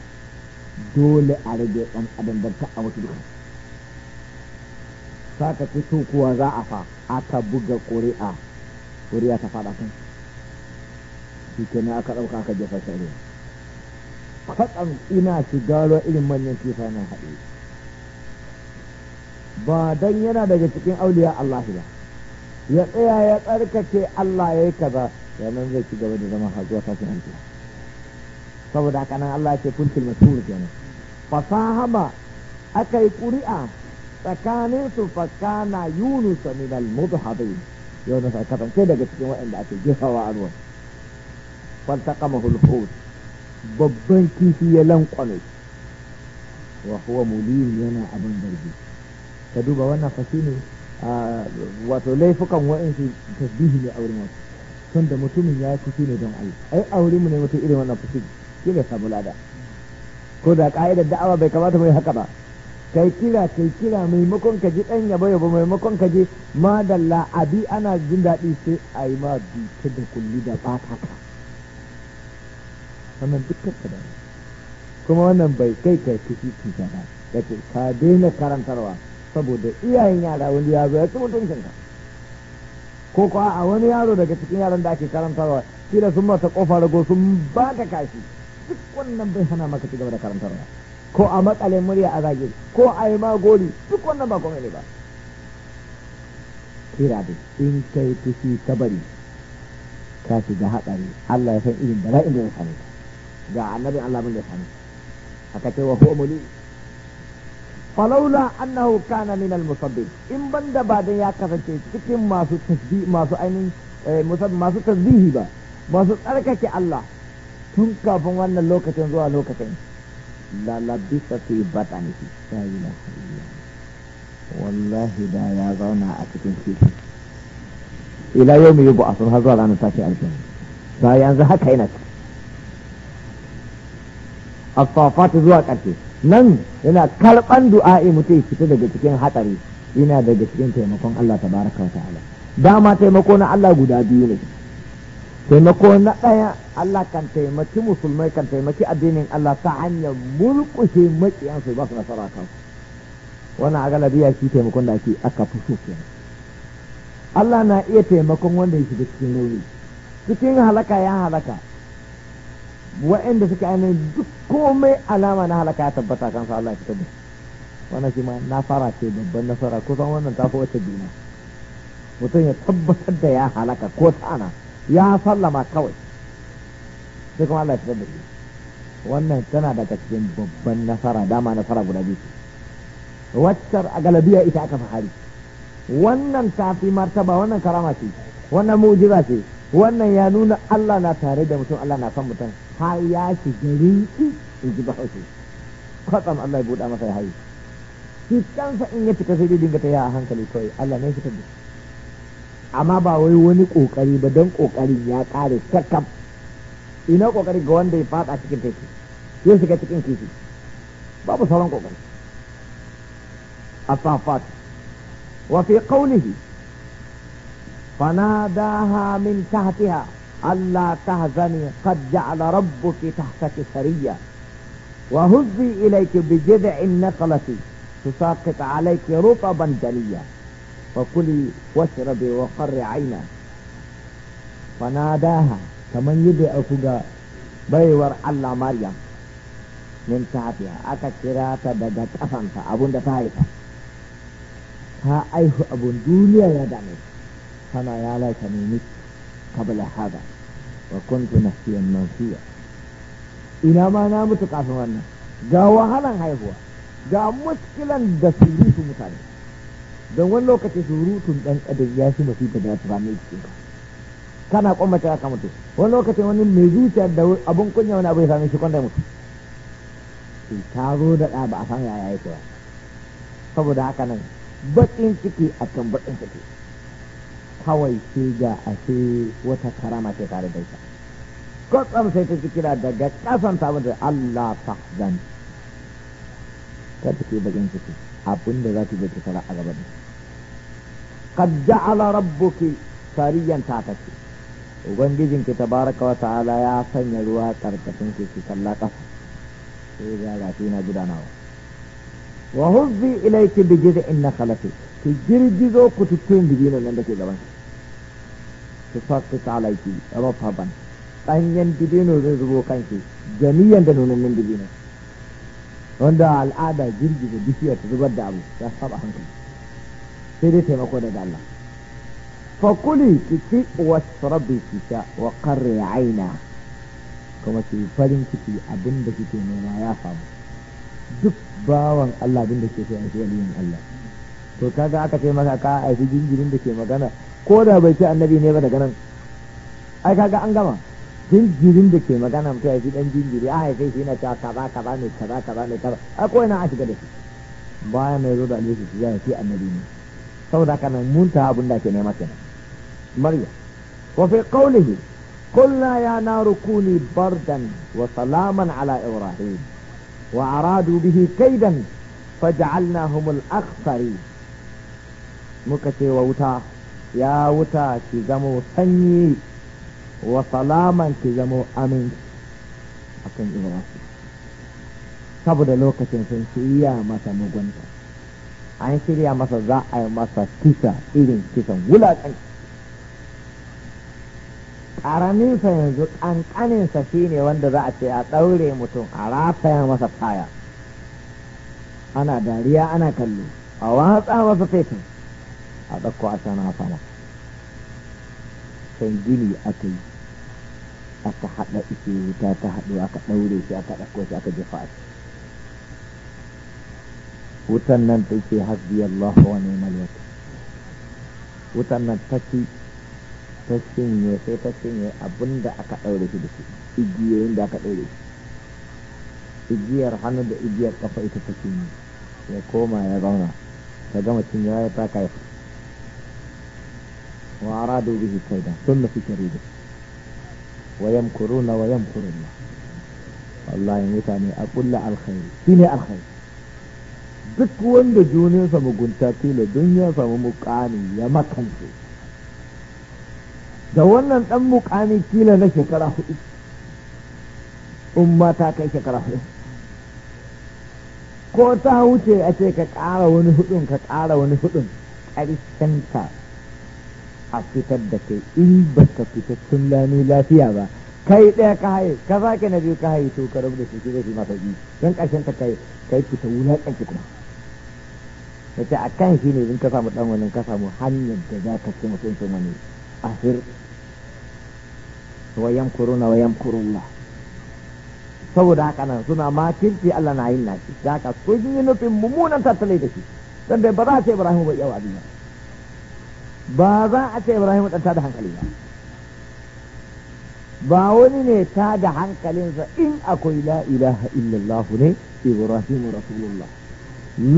dole a rage ɗan adam da ta a wasu duka saka fito kuwa za a fa aka buga ƙuri'a ƙuri'a ta faɗa kan shi na aka ɗauka aka jefa shari'a ruwa ina shiga ruwa irin manyan kifa na haɗe ba don yana daga cikin auliya Allah ba ya tsaya ya tsarkake Allah ya yi kaza yanan zai ci gaba da zama hazuwa zuwa tashin hankali saboda haka nan Allah ce kuntul mashhur kenan fasahaba aka yi ƙuri'a tsakanin su fakana yunus min al mudhabin yunus aka kasance daga cikin waɗanda ake jefawa a ruwan fantaqamahu al hut babban kifi ya lankwane wa huwa mulim yana abin zargi ka duba wannan fasini Ah, wato laifukan wa'insu tasbihi ne a wurin wasu tun da mutumin ya fushi ne don Allah ai a wurin mu ne mutum irin wannan fushi shi ne samu lada ko da ka'idar da'awa bai kamata mai haka ba kai kira kai kira maimakon ka ji dan yabo yabo maimakon ka ji madalla abi ana jin dadi sai a yi ma bita da kulli da bata ka wannan dukkan ka da kuma wannan bai kai kai fushi cuta ba kace ka daina karantarwa saboda iyayen yara wani ya zo ya ci mutum shinka ko kuwa a wani yaro daga cikin yaran da ake karantarwa da sun mata kofa rago sun ba ka kashi duk wannan bai hana maka ci gaba da karantarwa ko a matsale murya a zage ko a yi magoli duk wannan ba komai ne ba kira da in kai fushi ka bari ka shiga haɗari Allah ya san irin bala'in da ya same ga annabin Allah bin da ya same ka aka ce wa hu'muli falaula annahu kana min al-musabbin in banda ba dan ya kasance cikin masu tasbih masu ainin masu tasbihi ba masu tsarkake Allah tun kafin wannan lokacin zuwa lokacin la labisa fi batanihi la ilaha wallahi da ya zauna a cikin kifi ila yau mai yubu asur har zuwa ranar tashi alkiyama ta yanzu haka yana ciki asfafati zuwa ƙarshe nan yana karban du'a'i mutum fita daga cikin hatsari yana daga cikin taimakon Allah baraka wa ta'ala dama taimako na Allah guda biyu ne taimako na ɗaya Allah kan taimaki musulmai kan taimaki addinin Allah ta hanyar mulkushe maƙiyansu ba su nasara kansu wannan a ya shi taimakon da ake aka fi so kenan Allah na iya taimakon wanda ya shiga cikin rauni cikin halaka ya halaka wa'anda suke ainihin duk komai alama na halaka ya tabbata kan su Allah ya fitar da wannan shi ma nasara ce babban nasara kusan wannan ta fi wacce juna mutum ya tabbatar da ya halaka ko ana ya sallama kawai sai kuma Allah ya fitar da shi wannan tana daga cikin babban nasara dama nasara guda biyu waccar a galabiya ita aka fahari wannan tafi martaba wannan karama ce wannan mu'jiza ce wannan ya nuna Allah na tare da mutum Allah na san mutum har ya shiga rinki in ji bahaushe kwatsam Allah ya buɗa masa ya haihu. shi kansa in ya fita sai dai dinga taya a hankali kawai Allah ne fitar da amma ba wai wani kokari ba don kokari ya kare sakam ina kokari ga wanda ya fada cikin teku yin shiga cikin kifi babu sauran kokari asafat wa fi qawlihi فناداها من تحتها ألا تهزني قد جعل ربك تحتك سريا وهزي إليك بجذع النخلة تساقط عليك رطبا جليا فكلي واشربي وقر عينا فناداها كمن يدعي فوق بيور الله مريم من تحتها اتى كراتا ta daga kafanta abun ها ايه haifa ta يا abun كما ya laika kabla hada wa kuntu nasiyan mansiya ina ma na mutu kafin wannan ga wahalan haihuwa ga muskilan da surutu mutane don wani lokaci surutun dan adam ya shi mafi da su ba mai cikin kana kwamata ya mutu wani lokacin wani mai zuciya da abun kunya wani abu ya same shi kwanda mutu ta zo da ɗa a yaya yi saboda haka nan bakin ciki akan baƙin ciki kawai sai ga ashe wata karama ce tare da ita tsam sai ta kira daga kasan ta mata Allah fahzan ta take bakin ciki abin da za ki je ki fara a gaban qad ja'ala rabbuki sariyan ta take ubangijin ki tabaraka wa ta'ala ya sanya ruwa karkashin ki ki kalla kasa sai ga rafi na gudanawa wa huzzi ilayki bi jid'in nakhlati ki girgizo ku tutun dibino nan da ke gaban ki تسقط عليك رطبا ɗanyen dibino zai zubo kanki jami'an da nunannen dibino wanda al'ada girgiza bishiyar ta zubar da abu ya saba hankali sai dai taimako daga Allah fakuli ki ci wa rabbi kika sha wa qarri aina kuma ki farin ciki abinda kike nema ya samu duk bawan Allah abin da ke so ya waliyin Allah to kaga aka ce maka ka aiki jinjirin da ke magana ko da bai ce annabi ne ba daga nan ai kaga an gama jinjirin da ke magana mutum ya fi dan jinjiri a haifai shi na cewa kaza kaza ne kaza kaza ne kaza ai ko ina a shiga da shi baya mai zo da alheri shi ya fi annabi ne saboda haka nan mun ta abin da ke nema kenan maryam wa fi qawlihi قلنا يا نار كوني بردا وسلاما على ابراهيم وارادوا به كيدا فجعلناهم الاخسرين muka ce wa wuta ya wuta ki zamo sanyi wa salaman ki zamo aminci saboda lokacin sun shirya masa mugunta an shirya masa za a yi masa kisa irin kisan wulaƙan ƙaraminsa yanzu ƙanƙaninsa shi ne wanda za a ce a ɗaure mutum a rataya masa kaya ana dariya ana kallo a watsa masa fetin a ɗauko a a sama sai gini aka yi aka haɗa ike wuta ta haɗu aka ɗaure shi aka ɗauko shi aka jefa shi wutan nan ta ce hasbi Allah wa ni'mal wakil wutan nan ta ci ta cinye sai ta cinye abinda da aka ɗaure shi da shi igiyoyin da aka ɗaure shi igiyar hannu da igiyar kafa ita ta cinye ya koma ya zauna ta gama cinyewa ya taka ya fita وأرادوا به كيدا ثم في كريده ويمكرون ويمكر الله والله mutane a kulla alkhairi shine alkhairi duk wanda juniyarsa mugunta tilo don ya samu mukami ya makance da wannan dan mukami kila na shekara hudu umma ta kai shekara hudu ko ta wuce a ce ka kara wani hudun ka kara wani hudun karshen ta a fitar da kai in baka fita tun lami lafiya ba kai ɗaya ka haye ka sake na biyu ka haye to ka rabu da shi zai fi masa don ƙarshen ta kai kai fita wulaƙanci kuma ya ce a kan shi ne in ka samu ɗan wani ka samu hanyar da za ka ci sun wani ahir wayan kuruna wayan kurulla saboda haka nan suna kirki Allah na yin nashi da haka sun yi nufin mummunan tattalai da shi don bai ba za a ce Ibrahim iya yawa abin ba za a ce ibrahim ɗan da hankali ba ba wani ne ta hankalinsa in akwai la ilaha illallah ne ibrahim rasulullah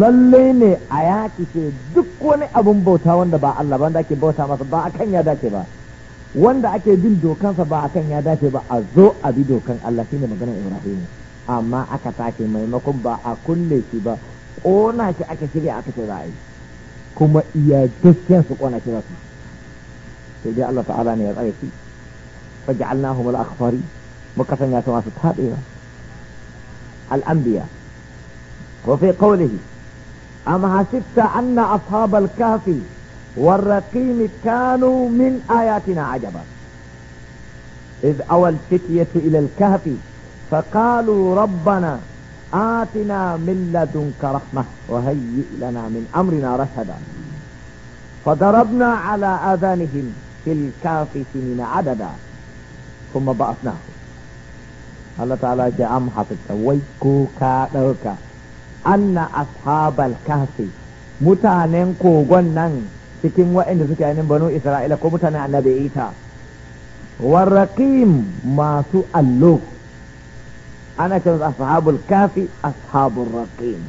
lalle ne a yaki ce duk wani abun bauta wanda ba Allah ba wanda ake bauta masa ba a kan ya dace ba wanda ake bin dokansa ba a kan ya dace ba a zo a bi dokan Allah shine maganar ibrahim amma aka tashi maimakon ba a kulle shi ba ƙona shi aka shirya aka ce za a yi kuma iya gaskiya su kona shi za su sai dai Allah ta'ala ne ya tsare su faj'alnahum al-akhfari muka sanya su masu tabewa al-anbiya wa fi qawlihi am hasibta anna ashab al-kahfi والرقيم كانوا من آياتنا عجبا إذ أوى الفتية إلى الكهف فقالوا ربنا آتنا من لدنك رحمة وهيئ لنا من أمرنا رشدا فضربنا على آذانهم في الكاف سنين عددا ثم بعثناه الله تعالى جاء محفظة ويكوكا لوكا أن أصحاب الكاف متانين كوغنن سكين وإن سكين بنو إسرائيل كومتانين النبي إيتا والرقيم ما سؤال لوك ana masu ashabul kafi ashabul raqim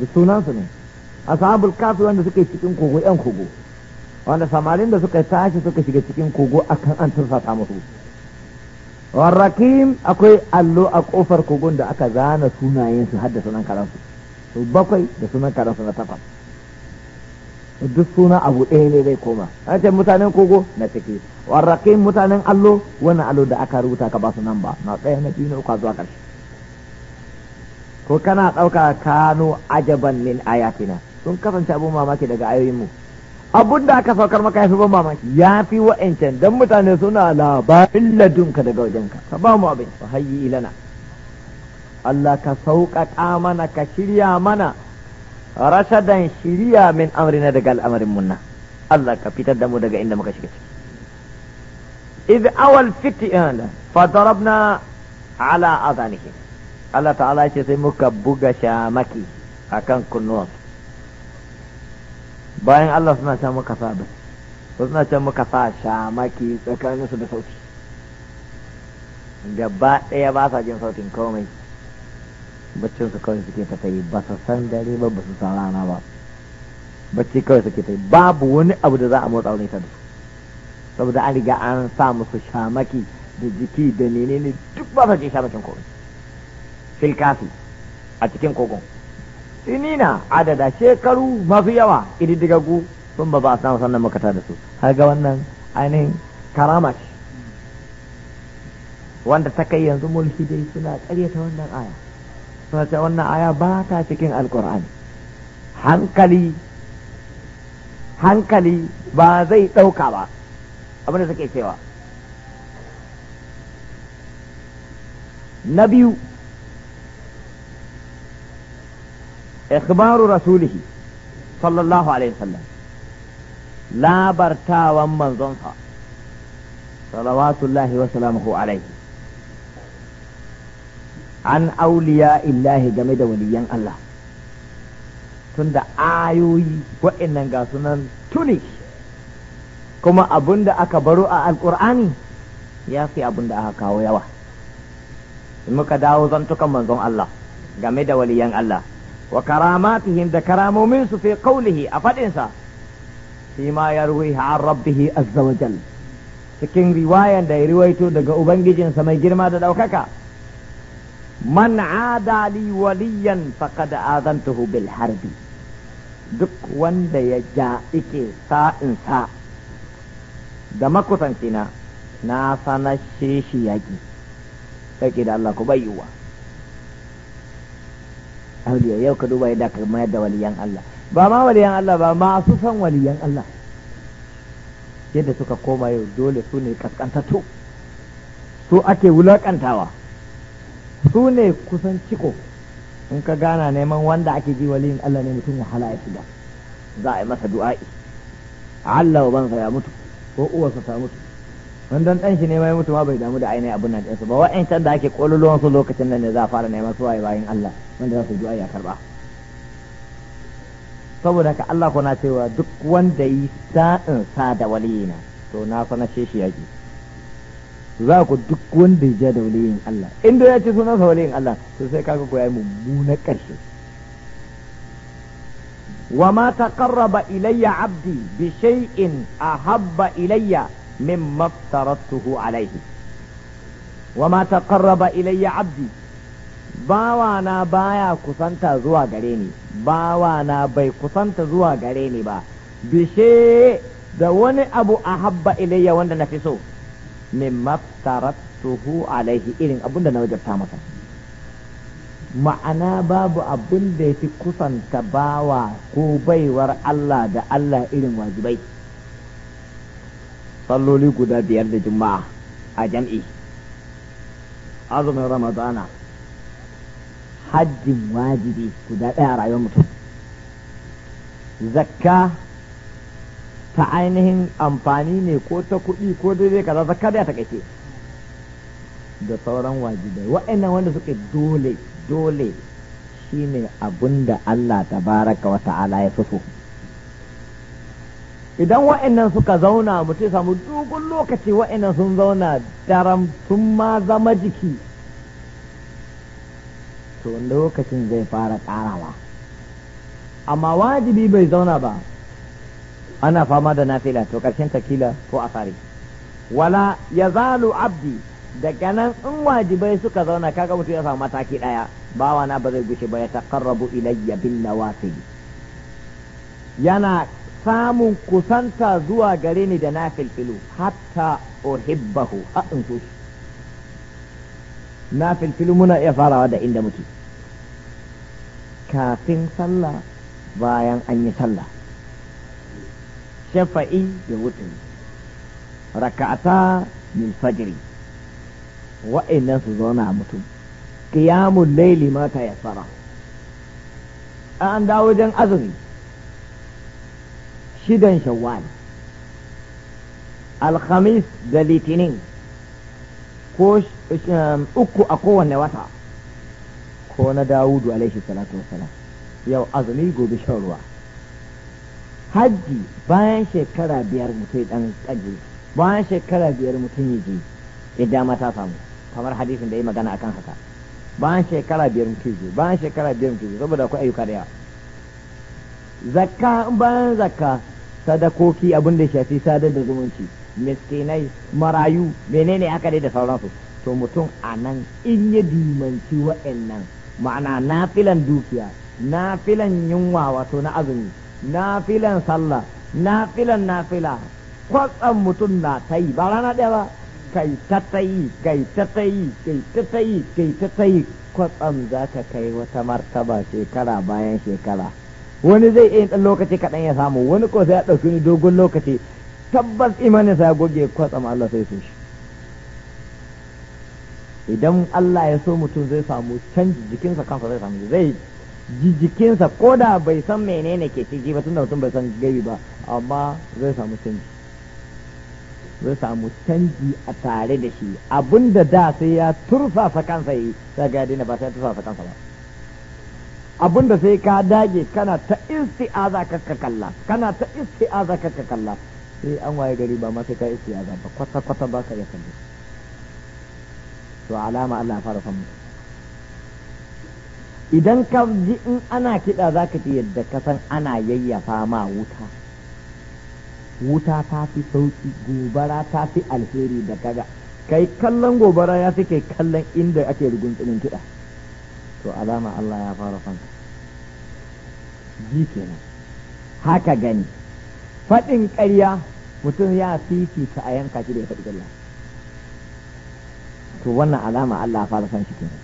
da sunan su ne ashabul kafi wanda suke cikin kogo yan kogo wanda samarin da suka tashi suka shiga cikin kogo akan an ta musu raqim akwai allo a kofar kogon da aka zana sunayen su hadda sunan karansu su bakwai da sunan karansu na takwas duk suna abu ɗaya ne zai koma an ce mutanen kogo na ciki warrakim mutanen allo wannan allo da aka rubuta ka ba su nan ba na tsaye na biyu na uku zuwa ƙarshe ko kana ɗauka kano ajaban min ayatina sun kasance abun mamaki daga ayoyinmu abun da aka saukar maka yafi ban mamaki ya fi wa'ancan dan mutane suna labarin ladunka daga wajenka ka ba mu abin fa hayyi ilana Allah ka sauƙaƙa mana ka shirya mana rashadan shirya min amrina daga al'amarin munna Allah ka fitar da mu daga inda muka shiga ciki إذ أول فتئان فضربنا على أذانهم Allah ta'ala ce sai muka buga shamaki a kan kunnuwansu bayan Allah suna can muka sa bai suna can muka sa shamaki su da sauti gaba ɗaya ba sa jin sautin komai baccin su kawai suke ta yi ba su san dare ba ba su san rana ba bacci kawai suke ta yi babu wani abu da za a motsa wani ta da su saboda an riga an sa musu shamaki da jiki da ne duk ba sa jin shamakin komai fil kafi a cikin kogon sinina adada shekaru masu yawa ididdigaggu sun ba ba a samu sannan makata da su har ga wannan ainihin karama ce wanda ta kai yanzu mulki dai suna karyata wannan aya suna ce wannan aya ba ta cikin alkur'ani hankali hankali ba zai ɗauka ba abinda suke cewa na biyu ikhbaru rasulihi sallallahu alaihi wasallam labartawan manzonsa salawatullahi wa salamuhu alaihi an auliya illahi game da waliyan Allah tunda ayoyi wa'annan ga sunan tuni kuma abin da aka baro a alkur'ani ya fi abin da aka kawo yawa muka dawo zantukan manzon Allah game da waliyan Allah wa karamatihim da karamomin su fi qawlihi a fadin sa fi ya yarwihi an rabbih azza wa jal cikin riwayan da ya riwaito daga ubangijinsa mai girma da ɗaukaka man ada li waliyan faqad adantuhu bil harbi duk wanda ya ja ike sa'in sa da makusancina na sanar shi yaƙi sai da Allah ku bayyuwa auliya yau ka duba yadda ka mayar da waliyan Allah ba ma waliyan Allah ba masu san waliyan Allah yadda suka koma yau dole su ne kaskantattu su ake wulaƙantawa su ne kusan ciko in ka gana neman wanda ake ji waliyan Allah ne mutum wahala ya shiga za a yi masa du'a'i Allah ban ya mutu ko uwarsa ta mutu wani don shi ne mai ma bai damu da ainihin abin nan ɗinsu ba can da ake ƙololuwan su lokacin nan ne za a fara neman su waye bayan Allah wanda za su ji ya karɓa saboda haka Allah kuna cewa duk wanda yi sa'in sa da waliyina to na sanar shi shi yaki za ku duk wanda ya ja da waliyin Allah in ya ce sunan sa waliyin Allah to sai kaga ku yayi mummunar ƙarshe wa ma taqarraba ilayya abdi bi shay'in ahabba ilayya min wa ma عليه وما تقرب إلي عبدي bawana baya kusanta zuwa gare ni bawana bai kusanta zuwa gare ni ba bishe da wani abu a habba ilayya wanda na fi so min maftaratuhu alaihi irin abunda na wajabta masa ma'ana babu abun da ya fi kusanta bawa ko baiwar Allah da Allah irin wajibai salloli guda biyar da juma'a a jam'i azumin ramadana hajjin wajibi guda ɗaya a rayuwar mutum zakka ta ainihin amfani ne ko ta kuɗi ko daidai kaza zakka da ta kake da sauran wajibai wa'annan wanda suke dole dole shine abin da Allah tabaraka wa ta'ala ya fi so idan wa'annan suka zauna mutum samu dogon lokaci wa'annan sun zauna daram sun ma zama jiki to lokacin zai fara karawa amma wajibi bai zauna ba ana fama da nafila to karshen takila ko asari wala ya zalu abdi daga nan in wajibai suka zauna kaga mutum ya samu mataki daya bawana ba zai gushe ba ya taqarrabu ilayya bin nawafil yana samun kusanta zuwa gare ni da na hatta uhibbahu har so shi na muna iya farawa da inda muke kafin sallah bayan an yi sallah shafa'i da wuturi raka'ata min fajri wa'annan su zauna mutum Kiyamun laili mata ya fara. an dawo wajen azumi shidan shawwal alhamis da litinin ko um, uku a kowane wata ko na dawudu alaihi salatu wasalam yau azumi gobe shan ruwa hajji bayan shekara biyar mutum dan kaji bayan shekara biyar mutum ya je ya mata ta samu kamar hadisin da ya magana akan haka bayan shekara biyar mutum je bayan shekara biyar mutum je saboda akwai ayyuka da yawa zakka bayan zakka sadakoki abin da shafi sadar da zumunci miskinai marayu menene aka dai da sauransu to mutum a nan in ya dimanci wa'annan ma'ana na filan dukiya na filan yunwa wato na azumi na nafilan sallah na fila kwatsan mutum na ta yi ba rana ɗaya ba kai ta ta kai ta ta kai ta ta kai ta ta kwatsam za ka kai wata martaba shekara bayan shekara wani zai iya dan lokaci kaɗan ya samu wani ko sai ya ɗauki wani dogon lokaci tabbas imanin sa ya goge kwatsam Allah sai so shi idan Allah ya so mutum zai samu canji jikinsa kansa zai samu zai ji jikinsa ko da bai san menene ke ciki ba tunda mutum bai san gari ba amma zai samu canji zai samu canji a tare da shi abinda da sai ya turfafa kansa yi sai ga dina ba sai ya turfafa kansa ba abinda sai ka dage kana ta isti'aza kakka kalla kana ta isti'aza kakka kalla sai an waye gari ba ma sai ka isti'aza ba kwata kwata ba ka iya kallo to alama Allah fara famu idan ka ji in ana kiɗa za ka ji yadda ka san ana yayyafa ma wuta wuta ta fi sauki gobara ta fi alheri da kaga kai kallon gobara ya fi kai kallon inda ake rugun tsinin kiɗa to alama Allah ya fara fanka ji kenan haka gani faɗin ƙarya mutum ya fifita a yanka shi da ya faɗi ƙarya to wannan alama Allah ya fara san shi kenan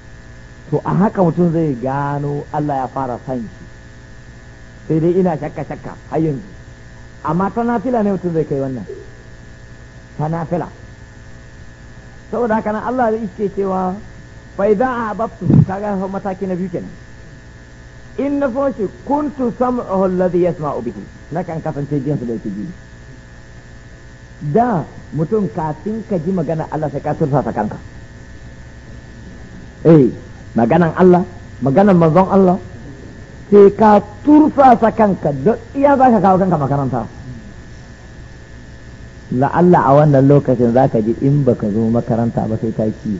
to a haka mutum zai gano Allah ya fara san shi sai dai ina shakka shakka har yanzu amma ta nafila ne mutum zai kai wannan ta nafila saboda haka nan Allah zai iske cewa fa idza ababtu kaga matakin na biyu kenan in na so shi kuntu sam'ahu alladhi yasma'u bihi na kan kasance jinsu da yake ji da mutum kafin ka ji magana Allah sai ka ta kanka eh maganan Allah maganan manzon Allah sai ka ta kanka don iya za ka kawo kanka makaranta Allah a wannan lokacin za ka ji in baka zo makaranta ba sai ka ki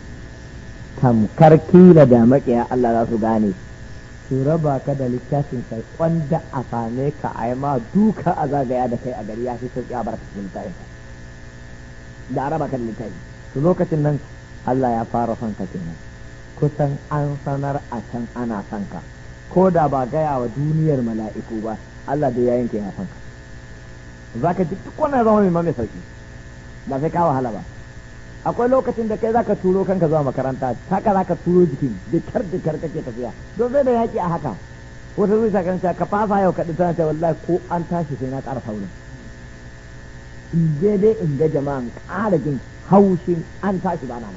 tamkar kila da maƙiya Allah za su gane su raba ka da littafin kai kwanda a same ka a yi ma duka a zagaya da kai a gari ya fi sauki a barka cikin littafin da a ka da littafi su lokacin nan Allah ya fara son ka kenan kusan an sanar a can ana son ka ko da ba gaya wa duniyar mala'iku ba Allah dai ya yanke ya son ka za ka ji duk wannan zama mai sauki ba sai ka wahala ba akwai lokacin da kai zaka turo kanka zuwa makaranta haka zaka turo jikin da kar da kar kake tafiya don zai da yaki a haka ko ta zuwa kan ka fafa yau kaɗi tana ta wallahi ko an tashi sai na ƙara saurin in je dai in ga jama'an ƙara jin haushin an tashi ba nan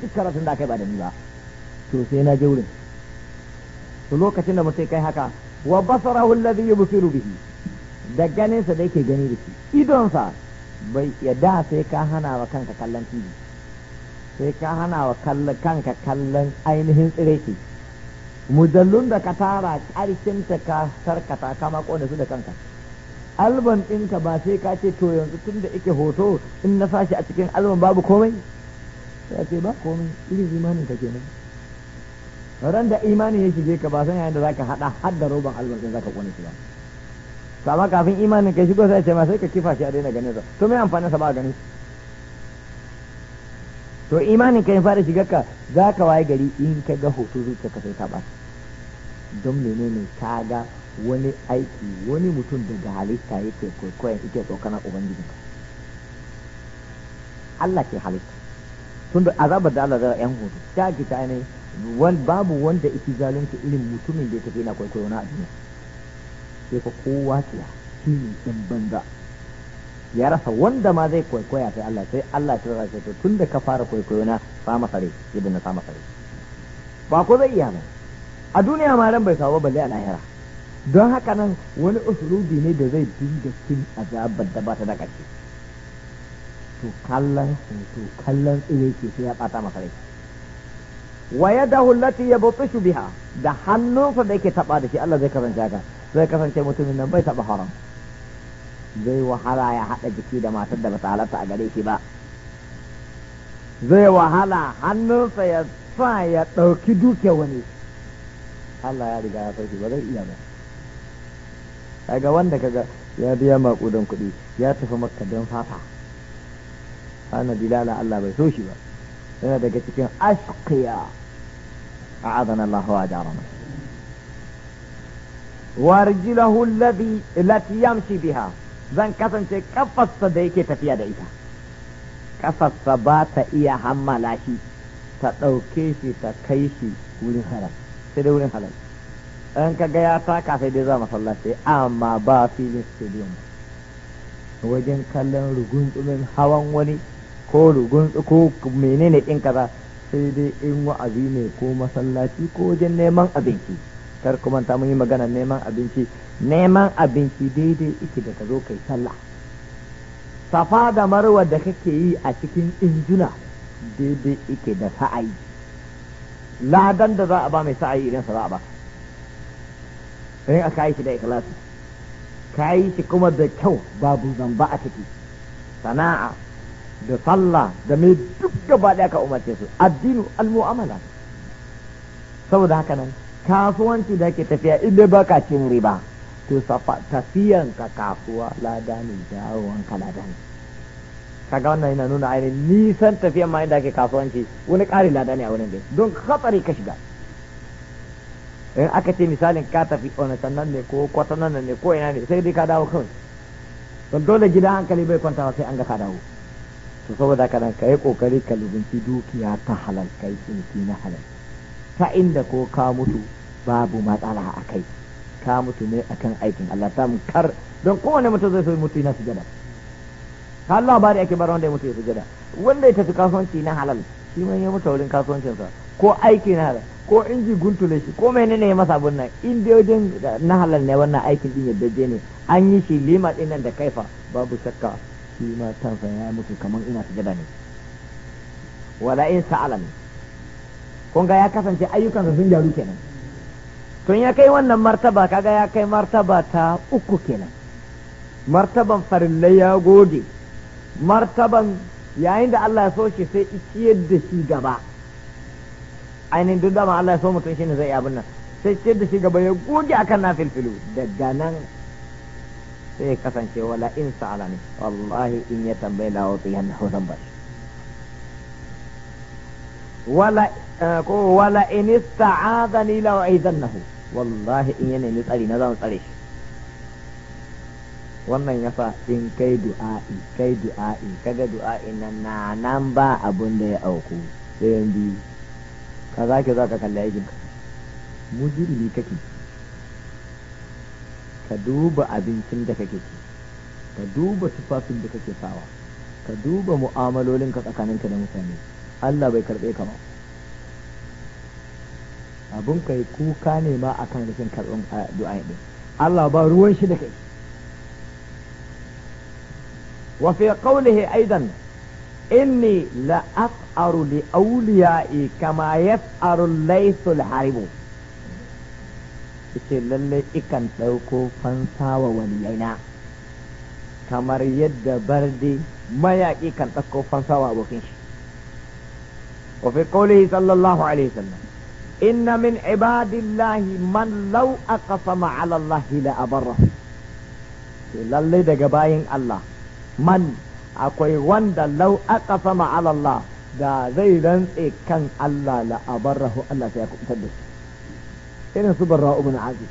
duk karatun da kai ba da ni ba to sai na je wurin to lokacin da mutai kai haka wa basarahu alladhi yubsiru bihi da ganin sa da yake gani da shi idonsa bai ya sai ka hana wa kanka kallon tv sai ka hana wa kanka kallon ainihin tsireki mujallun da ka tara ƙarshen ta ka sarkata ka mako da su da kanka album ɗinka ba sai ka ce to yanzu tun da ike hoto in na sashi a cikin album babu komai sai ce ba komai irin imanin ka kenan ran da imanin ya shige ka ba san yayin da zaka hada har da roban album din zaka kone shi ba to amma kafin imanin kai shigo sai ce ma sai ka kifa shi a daina ganin sa to me amfanin sa ba shi to imanin kai fara shigar ka za ka waye gari in ka ga hoto zuciya ka sai ta ba don menene ka ga wani aiki wani mutum daga halitta yake kwaikwayon yake tsokanar ubangiji Allah ke halitta tunda azabar da Allah zai yan hudu ta ki ta ne babu wanda iki zalunta irin mutumin da tafi na kwaikwayo na a duniya sai fa kowa ce shi ne in banza ya rasa wanda ma zai kwaikwaya sai Allah sai Allah ta rasa to tunda ka fara kwaikwayo na sa masa idan na sa masa ba ko zai iya ba a duniya ma ran bai samu balle a lahira don haka nan wani usulubi ne da zai dinga cin azabar da ba ta daga ce to kallon to kallon tsire ke sai ya bata masa rai wa yadahu allati yabtashu biha da hannunsa da yake taba da shi Allah zai karanta ka sai kasance mutumin nan bai taɓa haram zai wahala ya haɗa jiki da matar da bata a gare shi ba zai wahala hannunsa ya sa ya ɗauki duke wani Allah ya riga ya sauki ba zai iya ba kaga wanda kaga ya biya maƙudan kuɗi ya tafi makka don fata ana dilala Allah bai so shi ba yana daga cikin a a'adana Allah wa jarana warjilahu alladhi lati yamshi biha zan kasance kafarsa da yake tafiya da ita kafarsa ba ta iya hammala shi ta ɗauke shi ta kai shi wurin halal sai dai wurin halal an ka ga ya taka sai dai za masallaci amma ba filin stadium wajen kallon ruguntsumin hawan wani ko ruguntsu ko menene ɗin kaza sai dai in wa'azi ne ko masallaci ko wajen neman abinci kar kuma ta mun yi magana neman abinci neman abinci daidai iki da ka zo kai sallah safa da marwa da kake yi a cikin injuna daidai ike da sa'ayi ladan da za a ba mai sa'ayi idan sa za a ba in aka yi shi da ikhlasi ka yi shi kuma da kyau babu zamba a ciki sana'a da sallah da mai duk gaba ɗaya ka umarce su addinu al-mu'amala saboda haka nan kasuwanci da ke tafiya inda baka cin riba to tafiyan ka kasuwa lada ne dawowan ka lada ne kaga wannan yana nuna ainihin nisan tafiyan ma inda ake kasuwanci wani ƙari lada ne a wurin dai don hatsari ka shiga in aka ce misalin ka tafi onatan nan ne ko kwatanan nan ne ko ina ne sai dai ka dawo kawai don dole gida hankali bai ba sai an ga ka dawo to saboda ka nan ka yi kokari ka lubunci dukiya ta halal kai tsinki na halal ta inda ko ka mutu babu matsala a kai ka mutu ne akan aikin Allah ta kar don kowane mutum zai so mutu na sujada Allah bari ake bar wanda ya mutu ya sujada wanda ya tafi kasuwanci na halal shi mai ya mutu wurin kasuwancinsa ko aiki na halal ko inji guntule shi ko menene ya masa abun nan in dai wajen na halal ne wannan aikin din je ne an yi shi lima din nan da kaifa babu shakka shi ma tansa ya mutu kamar ina sujada ne wala in sa'alan kun ya kasance ayyukansa sun gyaru kenan tun ya kai wannan martaba kaga ya kai martaba ta uku kenan martaban farillai ya goge martaban yayin da Allah ya so shi sai ciyar da shi gaba ainihin duk dama Allah ya so mutum shine zai abin nan sai ciyar da shi gaba ya goge akan na filfilu daga nan sai kasance wala in sa'alani wallahi in ya tambaye lawo tsiyan na bashi wala eh, ko wala in ista'adani la u'idannahu wallahi in yana ni tsari na zan tsare shi wannan yasa in kai du'a'i kai du'a'i kaga du'a'i nan na nan ba abun da ya auku ɗayan biyu ka za ki za ka kalli aikinka mujirmi kake ka duba abincin da kake ci ka duba tufafin da kake sawa ka duba mu'amalolinka tsakaninka da mutane Allah bai karɓe ka ba abun kai kuka ne ma akan rashin karɓin du'an din Allah ba ruwan shi da kai wa fi qawlihi aidan inni la af'aru li awliya'i kama yaf'aru laysul haribu yace lalle ikan ɗauko fansawa waliyaina kamar yadda barde mayaƙi kan ɗauko fansawa abokin shi وفي قوله صلى الله عليه وسلم إن من عباد الله من لو أقسم على الله لأبره للي دقى باين الله من akwai wanda lau aka sama Allah da zai rantse kan Allah la abarrahu Allah sai ya kubutar da shi irin su barra ibn azib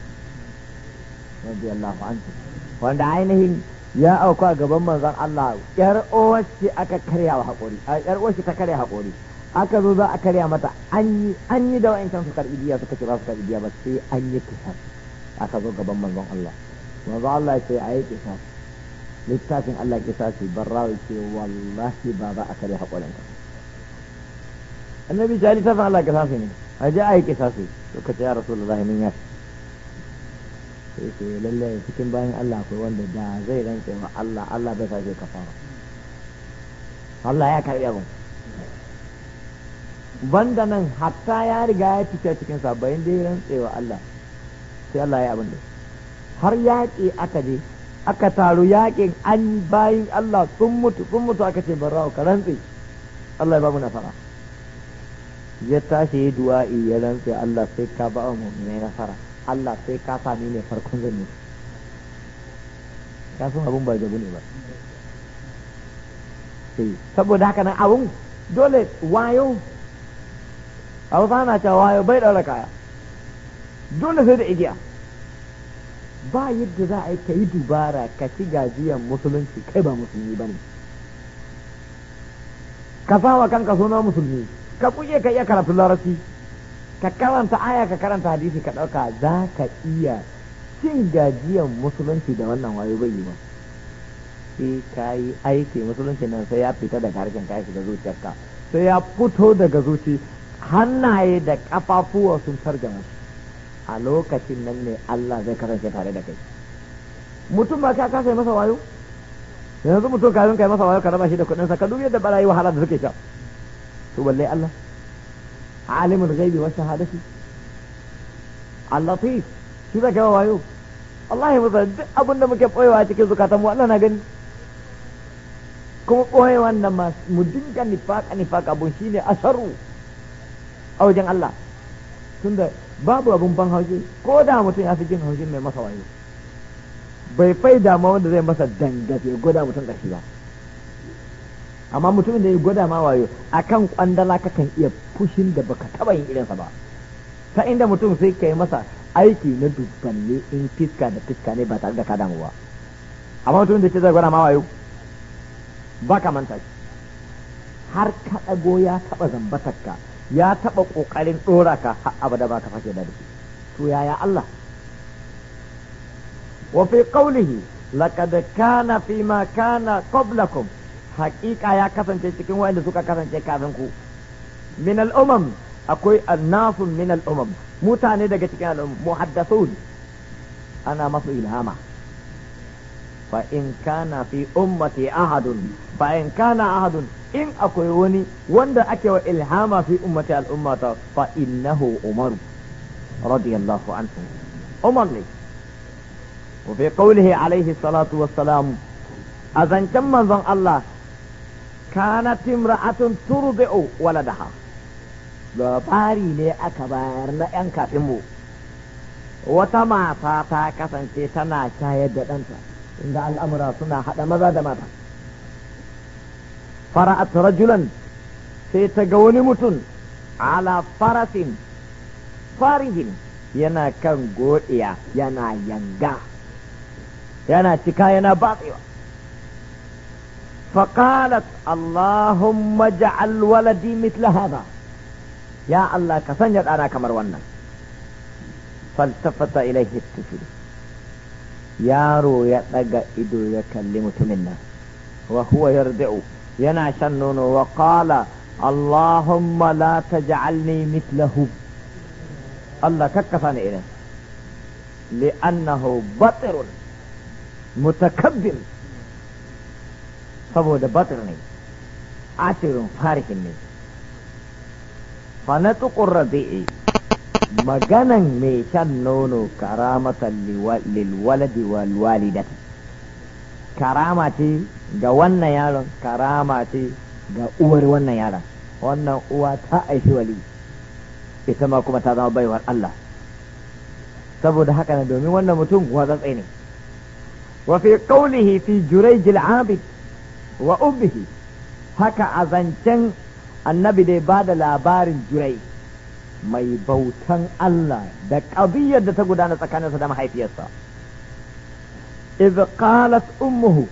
radiyallahu wanda ainihin ya a gaban manzon Allah yar uwarci aka karya ta karya aka zo za a karya mata an yi an yi da wa'ancan su karbi diya suka ce ba su karbi diya ba sai an yi kisas aka zo gaban manzon Allah manzon Allah ce a yi kisas littafin Allah kisasi barrawi ce wallahi ba za a karya haƙorin ka annabi jali tafin Allah kisasi ne a je a yi kisasi suka ce ya rasulullahi min ya sai ce lallai cikin bayan Allah akwai wanda da zai rantse wa Allah Allah bai sake kafara Allah ya karbi abin banda nan hatta ya riga ya fita cikin sabayin da ya rantsewa Allah sai Allah ya abin da har yaƙi aka je aka taru yaƙin an bayin Allah sun mutu sun mutu aka ce barawo ka rantse Allah ya ba mu nasara ya tashi ya du'a'i ya rantse Allah sai ka ba mu mai nasara Allah sai ka sami ne farkon zanni ka san abun ba jabu ne ba eh, saboda haka nan abun dole wayo hausa na cewa ya bai ɗaura kaya dole sai da igiya ba yadda za a yi ka yi dubara ka ci gajiyar musulunci kai ba musulmi ba ne ka sawa kanka suna musulmi ka kuke ka iya karatu larabci ka karanta aya ka karanta hadisi ka ɗauka za ka iya cin gajiyar musulunci da wannan wayo bai yi ba sai ka yi aiki musulunci nan sai ya fita daga harshen kashi da zuciyarka sai ya fito daga zuci hannaye da ƙafafuwa sun targama a lokacin nan ne Allah zai kasance tare da kai mutum ba ka kasa masa wayo yanzu mutum kafin kai masa wayo ka raba shi da kuɗin sa ka dubi yadda barayi wahala da suke sha to balle Allah alimul ghaibi wa shahadati al-latif shi zaka wa wayo wallahi mu duk abin da muke boyewa cikin zukatan mu Allah na gani kuma boye nan ma mu dinga nifaka nifaka bun shine asharu a wajen Allah tunda babu abun ban haushi ko da mutum ya fi jin haushin mai masa wayo bai fai dama wanda zai masa dangafe gwada mutum ƙarshe ba amma mutumin da ya gwada ma wayo akan kwandala kakan iya fushin da baka taba yin irinsa ba ta inda mutum sai ka yi masa aiki na dubbanni in fiska da fiska ne ba tare da ka damu ba amma mutumin da ke zai gwada ma wayo ba ka manta har ka ɗago ya taɓa zambatarka ya taɓa ƙoƙarin ɗora ka har abada ba ka fashe da shi to yaya Allah wa fi qawlihi laqad kana fi ma kana qablakum haƙiƙa ya kasance cikin wa'anda suka kasance kafin ku min al'umam akwai annafun min al'umam mutane daga cikin al'umam muhaddathun ana masu ilhama fa in kana fi ummati ahadun fa in kana ahadun in akwai wani wanda ake wa ilhama fi ummati al'ummata fa innahu umar radiyallahu anhu umar ne wa fi qawlihi alayhi salatu wassalam azancan manzon Allah kanat imra'atun turdi'u waladaha labari ne aka bayar na yan kafin mu wata mata ta kasance tana shayar da ɗanta inda al'amura suna haɗa maza da mata فرأت رجلا sai متن على فرس فاره ينا كان قوئيا ينا kan ينا تكا ينا باطئ فقالت اللهم اجعل ولدي مثل هذا يا الله كسنجد أنا كمروانا فالتفت إليه الطفل يارو يتقى إدو يكلمت منا وهو يردعو ينا شنون وقال اللهم لا تجعلني مثله الله ككفان إنا لأنه بطر متكبر فبود بطرني عاشر فارح مني فنتق الربيع مجنن ميشن نونو كرامة للولد والوالدة karama ce ga wannan yaron karama ce ga uwar wannan yaron wannan uwa ta aishi wali ita ma kuma ta zama baiwar Allah saboda haka ne domin wannan mutum watsatsai ne wa fi qawlihi fi jurai jil'abi wa ubihi haka a zancen annabi dai ba da labarin jurai mai bautan Allah da ƙabiyar da ta gudana tsakaninsa da mahaifiyarsa iz qalat ummuhu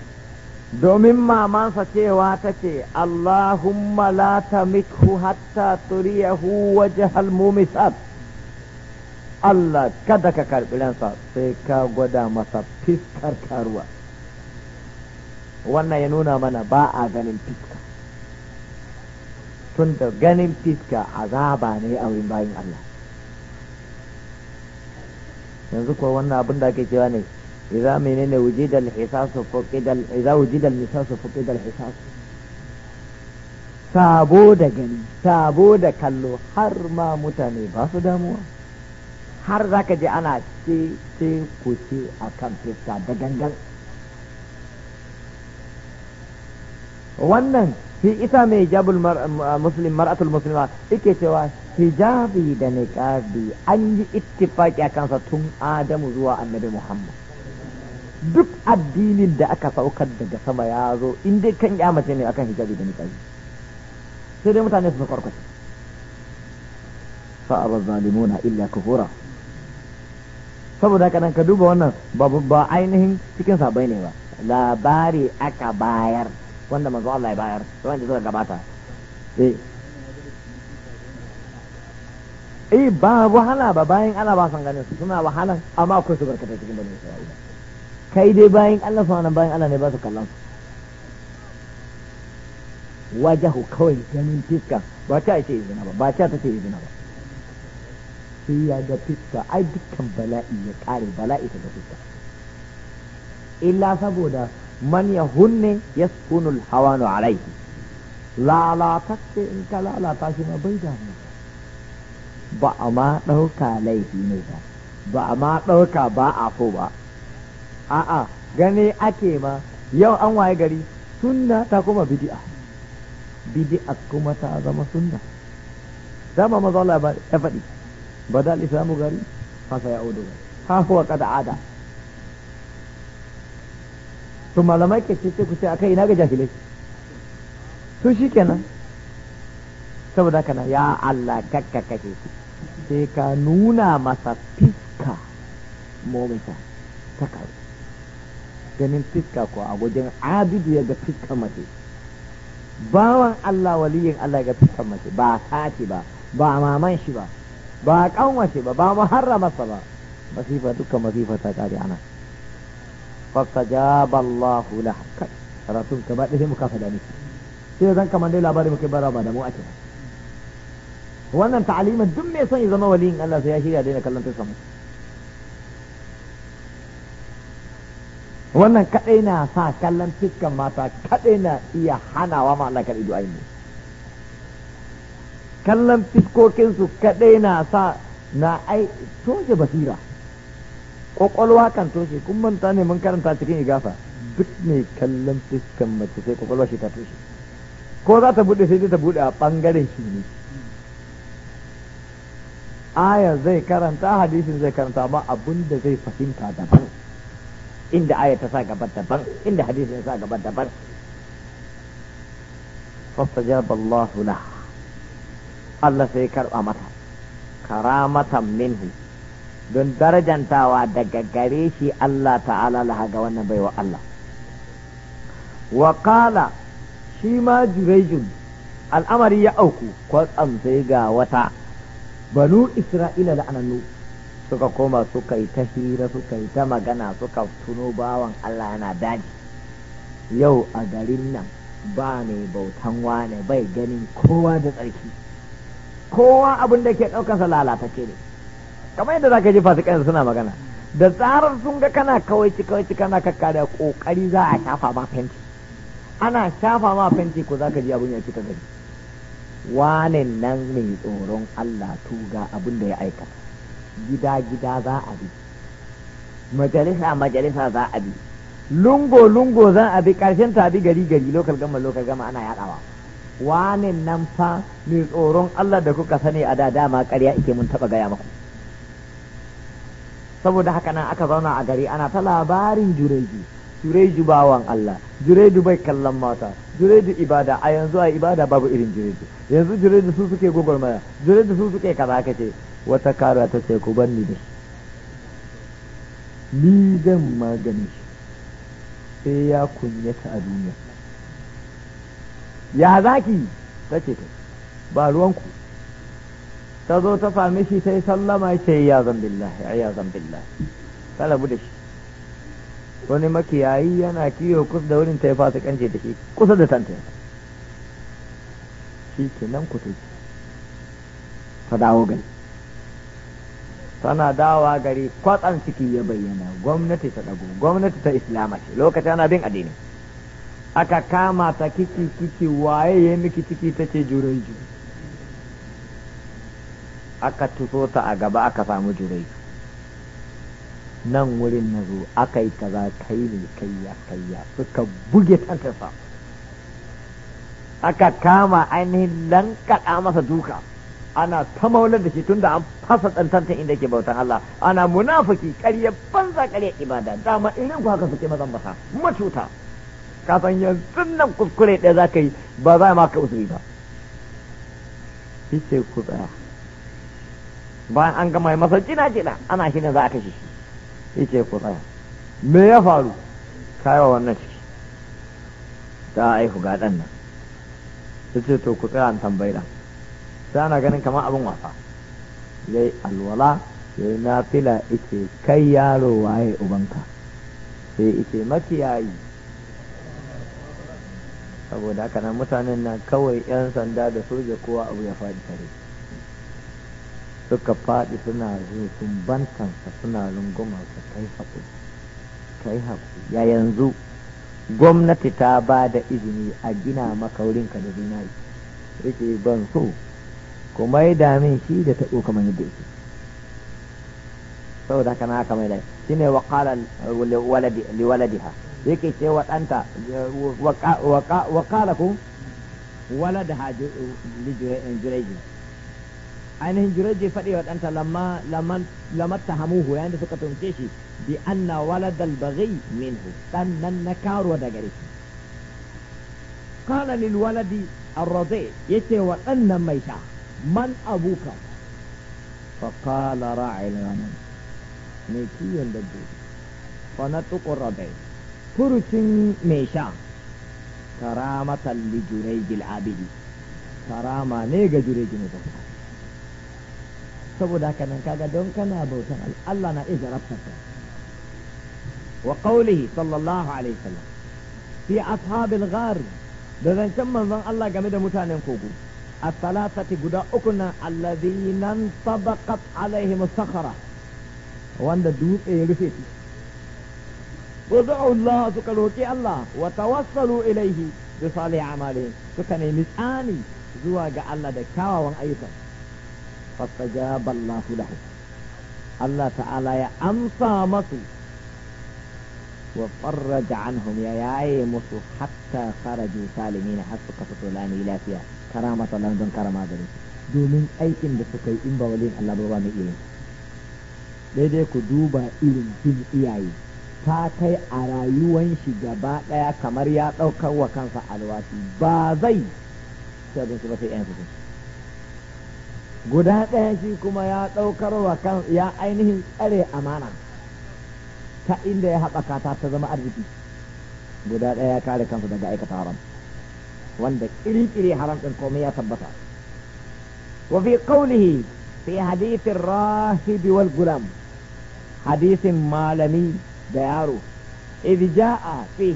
domin mamansa cewa take Allahumma la tamikhu hatta turiyahu waje mumisat Allah kada ka karɓi ransa sai ka gwada masa fiskar karuwa wannan ya nuna mana ba a ganin fiska tun ganin fiska azaba ne a wurin bayan Allah yanzu kuma wannan abun da ake cewa ne idza menene wujida al-hisasu fuqida idza wujida al-hisasu fuqida al-hisas sabo da gani sabo da kallo har ma mutane ba su damuwa har zaka je ana ce ce da gangan wannan shi ita mai hijabul muslim mar'atul muslima yake cewa hijabi da niqabi an yi ittifaki a kansa tun adamu zuwa annabi muhammad duk addinin da aka saukar daga sama ya zo in dai kan kyamace ne akan hijabi da niqabi sai dai mutane su farkwace fa aba zalimuna illa kufura saboda haka ka duba wannan ba ainihin cikin sabai ne ba labari aka bayar wanda manzo Allah ya bayar wanda zai gabata eh eh ba wahala ba bayan ana ba san ganin suna wahala amma akwai su barkata cikin bani Isra'ila kai dai bayan Allah sa bayan Allah ne ba su kallon su wajahu kawai ganin fiska ba ta ce izina ba ba ta ta ce izina ba sai ya ga fiska ai dukkan bala'i ya kare bala'i ta ga fiska illa saboda man ya hunne ya sunul hawanu alaihi lalatacce in ka lalata shi ma bai damu ba a ma ɗauka laifi ne ba ba a ma ɗauka ba a so ba a'a gane ake ma yau an waye gari sunna ta kuma bid'a bid'a kuma ta zama sunna dama maza Allah ya faɗi badal islamu gari fa sai yaudu ha huwa kada ada to malamai ke ce ku ce akai ina ga jahilai to shikenan saboda kana ya Allah kakka kake sai ka nuna masa fiska momita ta karu ganin fiska ko a wajen abidu ya ga fiska mace bawan Allah waliyin Allah ga fiska mace ba sace ba ba maman shi ba ba kanwace ba ba muharramarsa ba masifa dukkan masifa ta kare ana fastajaba Allah lah kai karatun ka ba dai muka fada ne sai zan kamar dai labari muke bara ba da mu ake wannan ta'alimin duk mai son ya zama waliyin Allah sai ya shirya daina kallon fiska mace wannan kaɗai na sa kallon fiskan mata kaɗai na iya hanawa ma Allah kaɗai du'a ne kallon fiskokinsu kaɗai na sa na ai toshe basira ƙwaƙwalwa kan toshe kun manta ne mun karanta cikin igafa duk ne kallon fiskan mace sai ƙwaƙwalwa shi ta toshe ko za ta buɗe sai ta buɗe a bangaren shi ne aya zai karanta hadisin zai karanta ma abin da zai fahimta daban inda aya ta sa gaba daban inda hadisi ya sa gaba daban fastajaba Allahu la Allah sai karba mata karamatan minhu don darajantawa daga gare shi Allah ta'ala la ga wannan baiwa Allah wa qala shi ma jurejun al'amari ya auku kwatsam sai ga wata banu isra'ila la'anannu suka koma suka yi ta hira suka yi ta magana suka tuno bawan Allah yana daji yau a garin nan ba ne bautan wane bai ganin kowa da tsarki kowa abin da ke lalata lalatacce ne kamar yadda zaka ji fasikan suna magana da tsarar sun ga kana kawai ci kawai ci kana kakkare kokari za a shafa ma fenti ana shafa ma fenti ko zaka ji abin ya ta gari wane nan mai tsoron Allah tuga abin da ya aikata gida gida za a bi majalisa majalisa za a bi lungo lungo zan a bi karshen ta bi gari gari lokal gama lokal gama ana yadawa wani nan fa mai tsoron Allah da kuka sani a da dama ƙarya ike mun taba gaya maku saboda haka nan aka zauna a gari ana ta labarin jureji jureji bawan Allah jureji bai kallon mata jureji ibada a yanzu a ibada babu irin jureji yanzu jureji su suke maya jureji su suke kaza kace wata kara ta ce ku banni da shi ni zan magani sai ya kunyata a duniya ya zaki ta ce ta ba ruwanku ta zo ta same shi ta yi sallama ya ce ya zambillahi ya zan billahi rabu da shi wani makiyayi yana kiyo kusa da wurin ta yi fasikanci da shi kusa da tantaya shi ke nan ku ta dawo gani tana dawa gari kwatsan ciki ya bayyana gwamnati ta dago gwamnati ta islama ce lokacin ana bin addini aka kama ta kiki kiki waye ya miki ciki ta ce jureju aka tuso ta a gaba aka samu jureju nan wurin na zo aka yi kaza kai ne kayya kayya suka buge tantarsa aka kama ainihin lankaɗa masa duka ana ta maular da shi da an fasa tsantantar inda ke bautan Allah ana munafiki karya banza karya ibada dama irin ku haka suke mazan basa macuta ka san yanzu nan kuskure ɗaya za ka yi ba za ma ka usuri ba Ice ku tsaya bayan an gama masa jina jina ana shi ne za a kashe shi Ice ku tsaya me ya faru wa wannan ciki ta aihu ga ɗan nan ce to ku tsaya an tambayi ɗan sai ana ganin kamar abin wasa Yai alwala Yai na nafila ice kai yaro waye ubanka sai ice makiyayi saboda haka nan mutanen nan kawai 'yan sanda da soja kowa abu ya faɗi tare suka faɗi suna sun bantansa suna su kai haƙuri kai haƙuri ya yanzu gwamnati ta ba da izini a gina maka da zinari yake ban so ku mai da min shi da taɓo kamar yadda yake saboda haka na haka mai da shi ne waƙala liwaladiha yake ce wa ɗanta waƙala ku walada waladaha jiraiji ainihin jiraiji faɗi wa ɗanta lamar ta hamuhu yayin da suka tunce shi bi anna waladal baghi minhu ɗan nan na karuwa da gare shi قال للولد الرضيع يتي وأن ميتا man abuka faƙala ra'ayin ranar mai kiyon dabbobi fanatukun rabai furucin mai sha karamatan li jurejil abidi karama ne ga jurejil mai bauta saboda haka nan kaga don kana bautan Allah na iya jarabtarka wa qawlihi sallallahu alaihi wasallam fi ashabil ghar da zancen manzon Allah game da mutanen kogo الثلاثة قد أكنا الذين انطبقت عليهم الصخرة وان دوت يرفيت ودعوا الله سكروكي الله وتوصلوا إليه بصالح أعمالهم سكني نسآني زواج الله دكاوا وان أيضا فاستجاب الله له الله تعالى يا أمسى مصر وفرج عنهم يا ياي مصر حتى خرجوا سالمين حتى قصة لا فيها karama sannan don don gare su domin aikin da suka yi in ba waliyin Allah ba ba mai daidai ku duba irin bin iyaye ta kai a rayuwan shi gaba daya kamar ya ɗaukar wa kansa alwasi ba zai ci shi ba sai yan su guda daya shi kuma ya daukar wa kan ya ainihin tsare amana ta inda ya haɓaka ta ta zama arziki guda ɗaya ya kare kansa daga aikata haram وندك إلي إلي حرام القومية ثبتا وفي قوله في حديث الراهب والغلام حديث مالمي ديارو إذ جاء فيه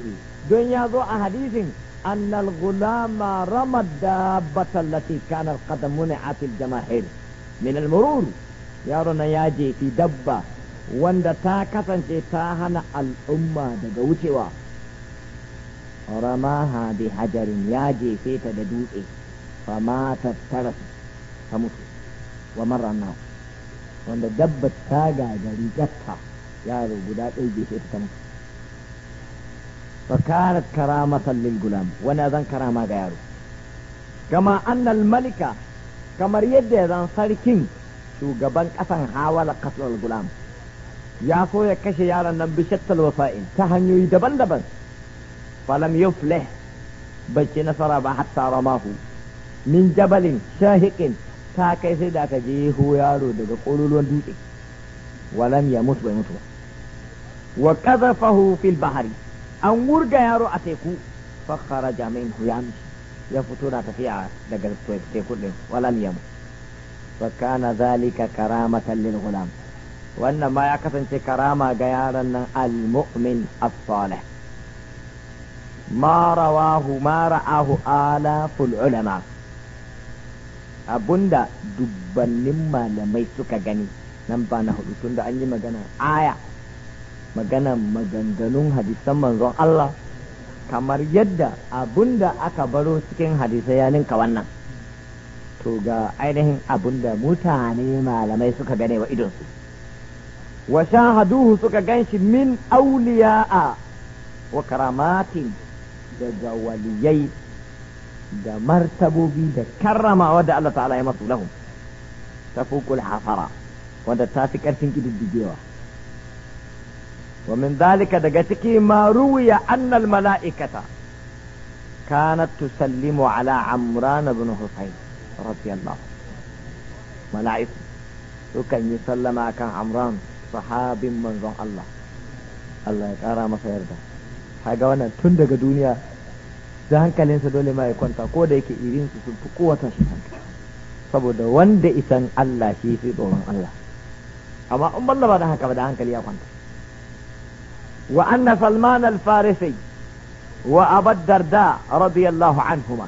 دنيا ضوء حديث أن الغلام رمى الدابة التي كان قد منعت الجماهير من المرور يارنا ياجي في دبة وندتا كتنجي تاهن الأمة دقوتي واحد ramaha bi hajarin ya jefe ta da dutse fa ma tara ta mutu wa marra wanda dabba ta gagari gatta yaro guda ɗaya jefe ta ta mutu fa karat karamatan gulam wani zan karama ga yaro kama annal malika kamar yadda zan sarkin shugaban ƙasan hawala kasar gulam ya so ya kashe yaran nan bishattal wasa'in ta hanyoyi daban-daban فلم يفلح بج نصر ما حتى رماه من جبل شاهق تاكي سيدا تجيه ويارو دقا قلول ولم يموت بمس وكذفه في البحر أمور جيارو أتيكو فخرج منه يمشي يفتونا تفيع دقا تيكو ولم يموت فكان ذلك كرامة للغلام وانما ما يكفن كرامة المؤمن الصالح ما رواه ما رآه آلاف العلماء abunda dubbannin malamai suka gani nan ba na hudu tunda an yi magana aya magana maganganun hadisan manzon Allah kamar yadda abunda aka baro cikin hadisai ya ninka wannan to ga ainihin abun da mutane malamai suka gane wa idonsu wa shahaduhu suka ganshi min auliya'a wa karamatin daga waliyai da martabobi da karramawa da Allah ta'ala ya masu lahum ta fukul hafara wanda ta fi ƙarfin ƙididdigewa ومن ذلك دقتك ما روي أن الملائكة كانت تسلم على عمران بن حسين رضي الله ملائكة وكان يسلم كان عمران صحاب من الله الله يقرأ ما سيرده kaga wannan tun daga duniya da hankalinsa dole ma ya kwanta ko da yake irin su sun fi kowa shi hankali saboda wanda isan Allah shi fi tsoron Allah amma in balla ba da haka ba da hankali ya kwanta wa anna salman al-farisi wa abad darda radiyallahu anhuma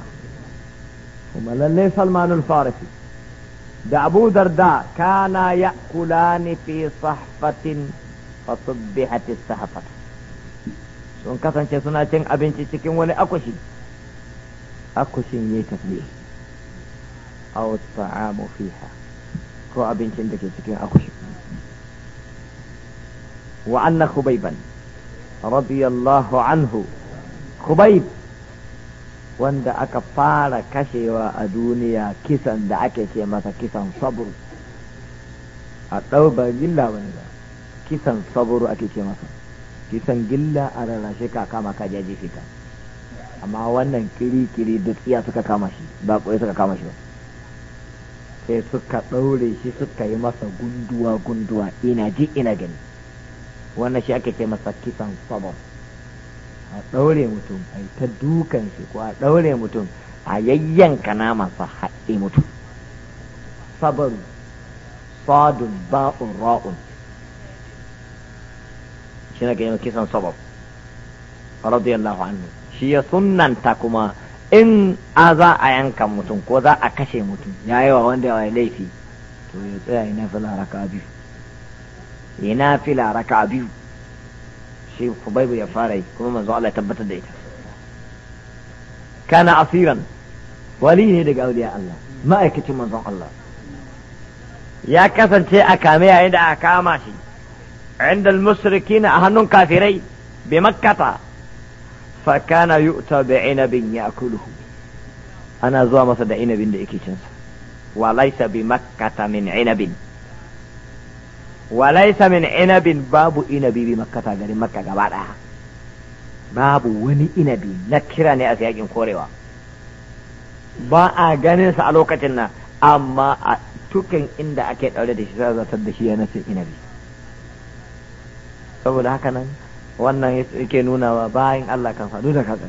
kuma lalle salman al-farisi da abu darda kana ya'kulani fi sahfatin fa subbihat as-sahfatu sun kasance suna cin abinci cikin wani akushi akushin ya tafi aw ta'amu fiha ko abincin da ke cikin akushi wa anna khubayban radiyallahu anhu khubayb wanda aka fara kashewa a duniya kisan da ake ce masa kisan saburu a ɗau ba wani ba kisan saburu ake ce masa kisan gilla a rarrashe ka kama ka jaje shi amma wannan kiri-kiri da tsiya suka kama shi ba kwai suka kama shi ba sai suka ɗaure shi suka yi masa gunduwa-gunduwa ina ji ina gani wannan shi ake ce masa kisan sabon a ɗaure mutum a yi ta dukan shi ko a ɗaure mutum a yayyanka namansa haɗe mutum sabon sadun ba'un ra'un shi na ganin kisan sabab radiyallahu anhu shi ya sunnanta kuma in a za a yanka mutum ko za a kashe mutum ya yi wa wanda ya laifi to ya tsaya ina fila raka biyu ina fila raka biyu shi bai ya fara yi kuma manzo Allah ya tabbatar da ita kana asiran wali ne daga auliya Allah ma'aikacin manzon Allah ya kasance a kame yayin da aka kama shi inda al-mushrikina a hannun kafirai bi makkata fa kana yu'ta bi inabin yakuluhu ana zuwa masa da inabin da yake cinsa wa laysa bi min inabin wa min inabin babu inabi garin babu wani inabi na kira ne a yakin korewa ba a ganin sa a lokacin nan amma a tukin inda ake ɗaure da shi za zartar da shi yana cin inabi saboda haka nan wannan yake nuna wa bayan Allah kan faɗu da kaza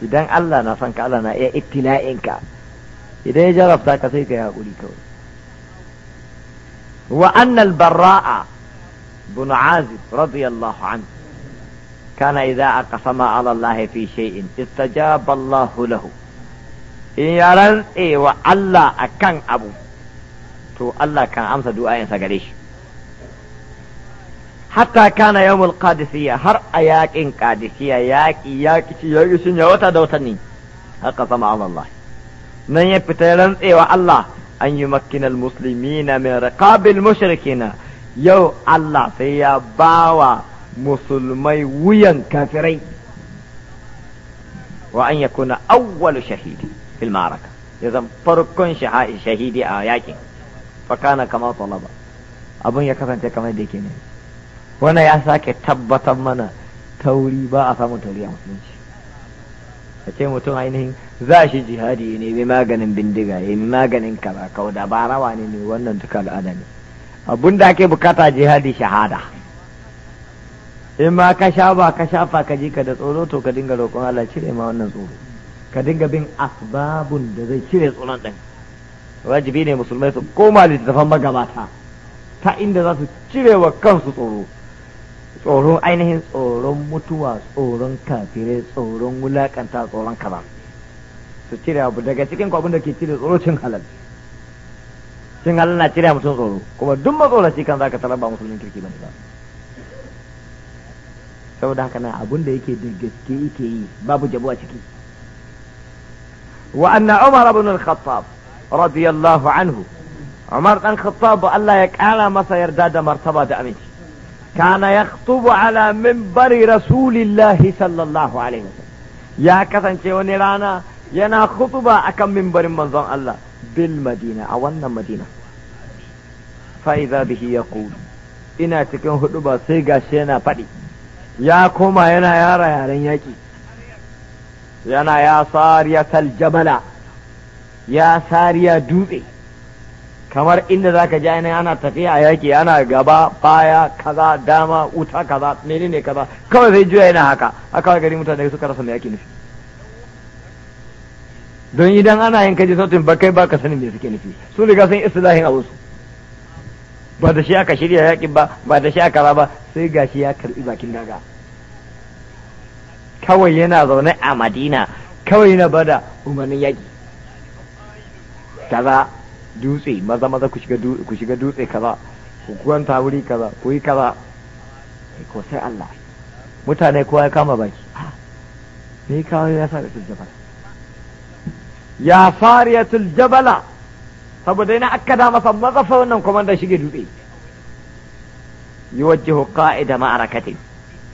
idan Allah na son ka Allah na iya ittila'in ka idan ya jarabta ka sai ka yi haƙuri kawai wa annal barra'a bin azib radiyallahu an kana anhu كان إذا allah fi shay'in في allah lahu in له إن يرن إيه وألا أكن أبو تو الله كان أمس gare shi حتى كان يوم القادسية هر اياك ان قادسية ياك اياك تيوغي سنة وطا دوتني هر قسم على الله من يبتلن ايوا الله ان يمكن المسلمين من رقاب المشركين يو الله فيا باوا مسلمي ويا كافرين وان يكون اول شهيد في المعركة اذا فرقون شهيد اياك فكان كما طلب ابن يكفن تكما ديكيني wannan ya sake tabbatar mana tauri ba a samun tauri a musulunci a ce mutum ainihin za shi jihadi ne mai maganin bindiga ya yi maganin kaza kau da ba rawa ne wannan duka al'ada ne abun da ake bukata jihadi shahada in ma ka sha ba ka shafa ka ji ka da tsoro to ka dinga roƙon Allah cire ma wannan tsoro ka dinga bin asbabun da zai cire tsoron ɗan. wajibi ne musulmai su koma littattafan magabata ta inda za su cire wa kansu tsoro tsoron ainihin tsoron mutuwa tsoron kafirai tsoron wulakanta tsoron kaza su cire abu daga cikin abin da ke cire tsoro cin halal cin halal na cire mutum tsoro kuma duk matsoraci kan zaka tarar ba musulmin kirki bane ba saboda haka na abin da yake da gaske yake yi babu jabo a ciki wa anna umar ibn al-khattab radiyallahu anhu umar dan khattab Allah ya kara masa yarda da martaba da aminci كان يخطب على منبر رسول الله صلى الله عليه وسلم يا كسان wani rana yana khutuba akan mimbarin manzon Allah bil madina a wannan madina fa idza ya yaqul ina cikin huɗu ba sai gashi yana faɗi ya koma yana yara yaren yaƙi yana ya sariya tal jabala ya sariya dutse kamar inda za ka ji ana tafiya a yaki ana gaba baya kaza dama wuta kaza menene kaza kawai zai juya yana haka haka gari mutane suka rasa mai yaki nufi don idan ana yin kaji sautin ba kai ba ka sanin me suke nufi su riga sun istilahin abin su ba da shi aka shirya yaki ba ba da shi aka raba sai sai gashi ya karbi bakin daga kawai yana zaune a madina kawai yana bada umarnin yaki dutse maza maza ku shiga ku shiga dutse kaza ku kwanta wuri kaza ku yi kaza ko sai Allah mutane kowa ya kama baki ah, me kawo ya sa jabal ya fariyatul jabala saboda ina akka da masa mazafa wannan komanda shige dutse yuwajjihu qa'ida ma'arakatin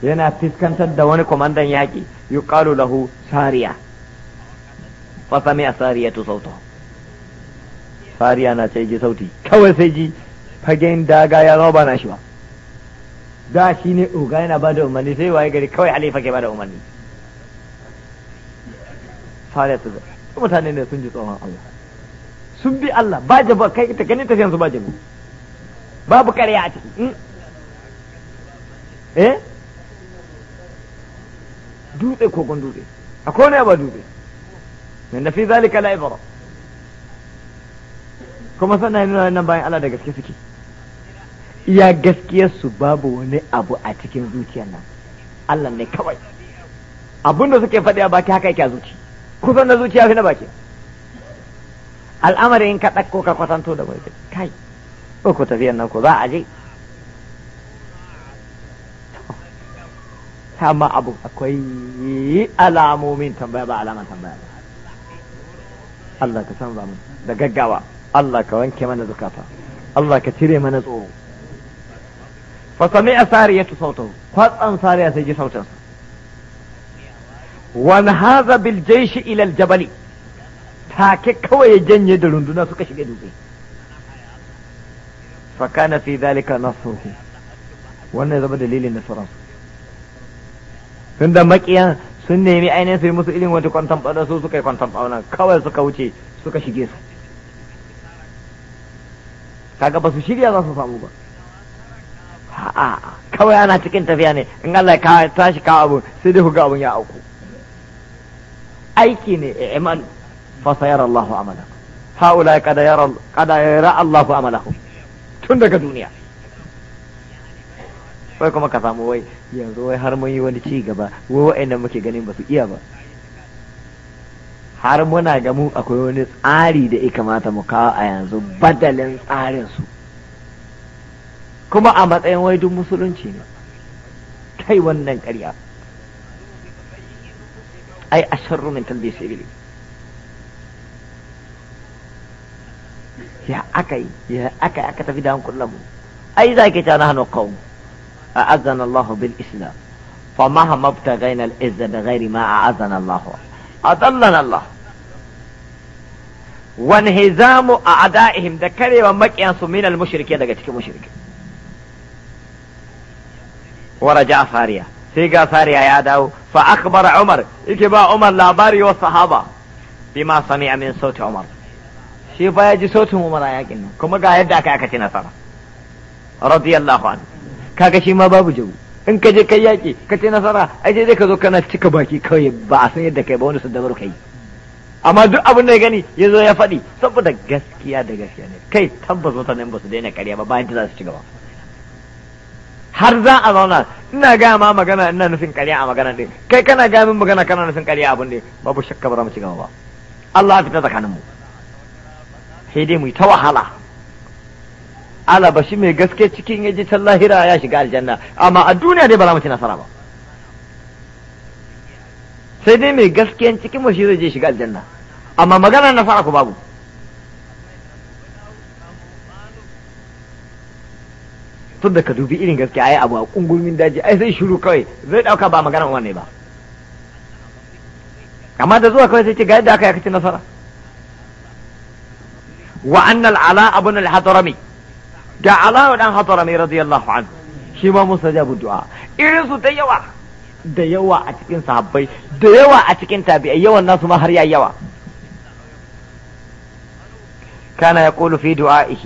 yana fiskantar da wani komandan yaki yuqalu lahu sariya fa sami asariyatu sautu. fariya na sai ji sauti kawai sai ji fagen daga ya zama ba na shi ba da shi ne oga yana ba da umarni sai waye gari kawai ali fage ba da umarni fariya ta zai mutane ne sun ji tsoron Allah sun bi Allah ba jaba kai ita gani ta yanzu ba jaba babu ƙarya a ciki hmm? eh dutse kogon dutse akwai wani ba dutse min da fi zalika la ibara kuma suna nuna wannan bayan Allah da gaske suke iya gaskiyar su babu wani abu a cikin zuciyar nan Allah ne kawai abinda suke faɗi a baki haka yake a zuci kusan na zuciya fi na baki al'amari in ka ɗauko ka kwatanto da wani kai ko ku tafiyar nan ko za a je amma abu akwai alamomin tambaya ba alaman tambaya Allah ka san ba mu da gaggawa Allah ka wanke mana zukata Allah ka cire mana tsoro fa sami'a sariyatu sautahu kwatsan ya sai ji sautin wa nahaza bil jaysh ila Jabali, jabal take kawai ya janye da runduna suka shiga dutse fa kana fi dhalika nasruhu wannan zama dalilin nasaransu tunda makiyan sun nemi ainihin su yi musu irin wata kwantan ɓauna su suka yi kwantan ɓauna kawai suka wuce suka shige su kaga ba su shirya za su samu ba a'a kawai ana cikin tafiya ne in Allah ya tashi kawo abu sai dai ga abun ya auku aiki ne iman fa sayara Allahu amalakum haula kada yara kada yara Allahu amalaku tun daga duniya wai kuma ka samu wai yanzu wai har mun yi wani ci gaba wai wa'annan muke ganin ba su iya ba har muna ga mu akwai wani tsari da ya kamata mu kawo a yanzu badalin tsarinsu kuma a matsayin waidun musulunci ne kai wannan ƙarya ai a sharru min talbisiri ya aka yi ya aka aka tafi da hankulan mu ai za ke tana hannu kawo a azan Allah bil islam fa maha mabta gainal izza da gairi ma a azan adallana Allah wanhizamu a ada'ihim da karewa maƙiyansu minal mushrike daga cikin mushrike waraja sariya sai ga sariya ya dawo fa akbar umar yake ba umar labari wa sahaba bima sami'a min sauti umar shi ba ya umar a yakin kuma ga yadda aka nasara radiyallahu anhu kaga ma babu jawu in ka je kai yaƙi ka ce nasara ai sai ka zo kana cika baki kawai ba a san yadda kai ba wani su dabaru kai amma duk abin da ya gani ya zo ya faɗi saboda gaskiya da gaskiya ne kai tabbas mutane ba su daina karya ba bayan za su ci gaba har za a zauna ina gaya ma magana ina nufin karya a magana ɗin kai kana gaya min magana kana nufin karya abin da babu shakka ba za mu ci gaba ba Allah ya fita tsakanin mu sai dai mu yi ta wahala alaba shi mai gaske cikin ya ji can lahira ya shiga aljanna amma a duniya dai ba za mu ci nasara ba sai dai mai gaskiyan cikin mu shi zai je shiga aljanna amma maganar fara ku babu tun da ka dubi irin gaske ai abu a kungumin daji ai sai shiru kawai zai dauka ba maganar wannan ne ba amma da zuwa kawai sai ce ga yadda aka yi ci nasara wa annal ala abun al-hadrami جعلاه الان خطرني رضي الله عنه شيما مستجاب الدعاء ارسو ديوا ديوا اتكين صحابي ديوا اتكين تابي ايوا الناس ما هريا ايوا كان يقول في دعائه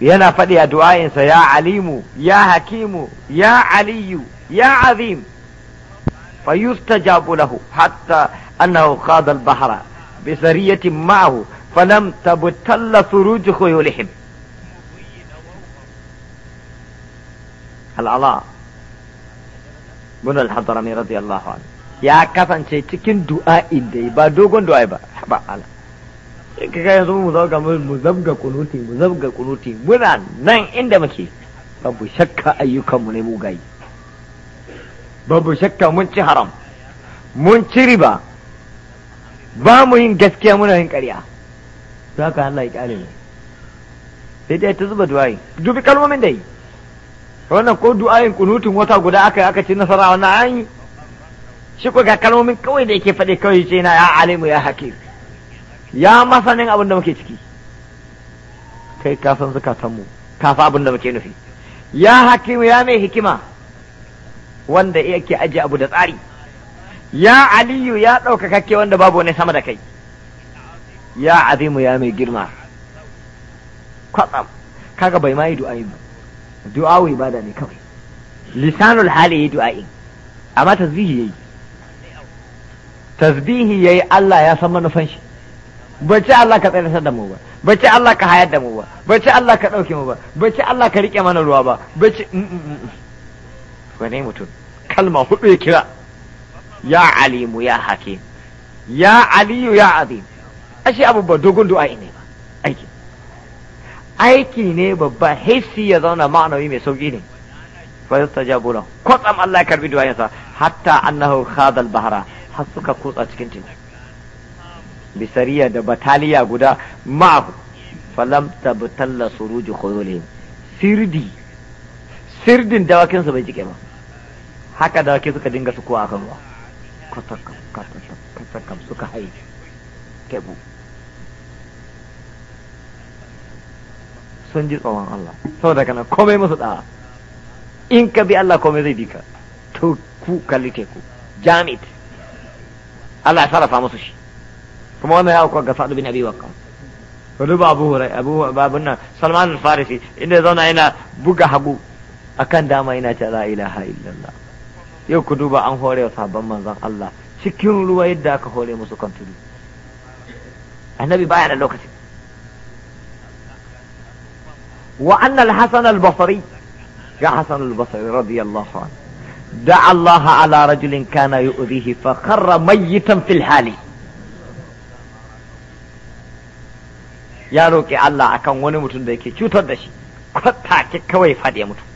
ينا فدي دعائي يا عليم يا حكيم يا علي يا عظيم فيستجاب له حتى انه خاض البحر بسرية معه falam tabtalla surujuhu yulhib al'ala bin al-hadrami radiyallahu anhu ya kasance cikin du'a'in da ba dogon du'a'i ba ba yanzu mu zabga mu zabga kunuti mu zabga kunuti nan inda muke babu shakka ayyukanmu ne mugayi babu shakka mun ci haram mun ci riba ba mu yin gaskiya muna yin ƙarya don haka Allah ya kyale mu sai dai ta zuba du'a'i dubi kalmomin da yi wannan ko du'a'in kunutun wata guda aka aka ci nasara wannan an shi ko ga kalmomin kawai da yake faɗi kawai ce na ya alimu ya hakim ya masanin abin da muke ciki kai ka san zukatan mu ka fa abin da muke nufi ya hakim ya mai hikima wanda yake aje abu da tsari ya aliyu ya ɗaukakakke wanda babu wani sama da kai ya azimu ya mai girma kwatsam kaga bai ma yi du'a'i ba du'a'u ibada ne kawai lisanul hali yi du'a'i amma tasbihi yayi tasbihi yayi Allah ya san manufan shi bace Allah ka tsayar da mu ba bace Allah ka hayar da mu ba bace Allah ka dauke mu ba bace Allah ka rike mana ruwa ba bace mm, mm, mm, wane mutum kalma hudu ya kira ya alimu ya hakim ya aliyu ya azim ashe abu ba dogon du'a'i ne ba aiki aiki ne babba haisi ya zauna ma'anawi mai sauki ne fa yastajabu lahu kwatsam Allah ya karbi du'a'insa hatta annahu khadal bahra har suka kutsa cikin teku bisariya da bataliya guda ma'ahu falam tabtalla suruju khuzuli sirdi sirdin dawakin su bai jike ba haka dawaki suka dinga su kuwa akan ruwa kwatsam kwatsam kwatsam suka haifi kebu sun ji tsoron Allah saboda kana komai musu da'a in ka bi Allah komai zai bi ka to ku kallike ku jamit Allah ya sarrafa musu shi kuma wannan ya auka ga Sa'd bin Abi Waqqas wani ba Abu Hurairah Abu babun nan Salman al-Farisi inda zauna yana buga hagu akan dama yana ce la ilaha illallah yau ku duba an hore sabon manzon Allah cikin ruwa yadda aka hore musu kan tudu annabi baya da lokaci وأن الحسن البصري يا حسن البصري رضي الله عنه دعا الله على رجل كان يؤذيه فخر ميتا في الحال ya roƙi Allah akan wani mutum da yake cutar da shi kwata take kawai faɗi ya mutu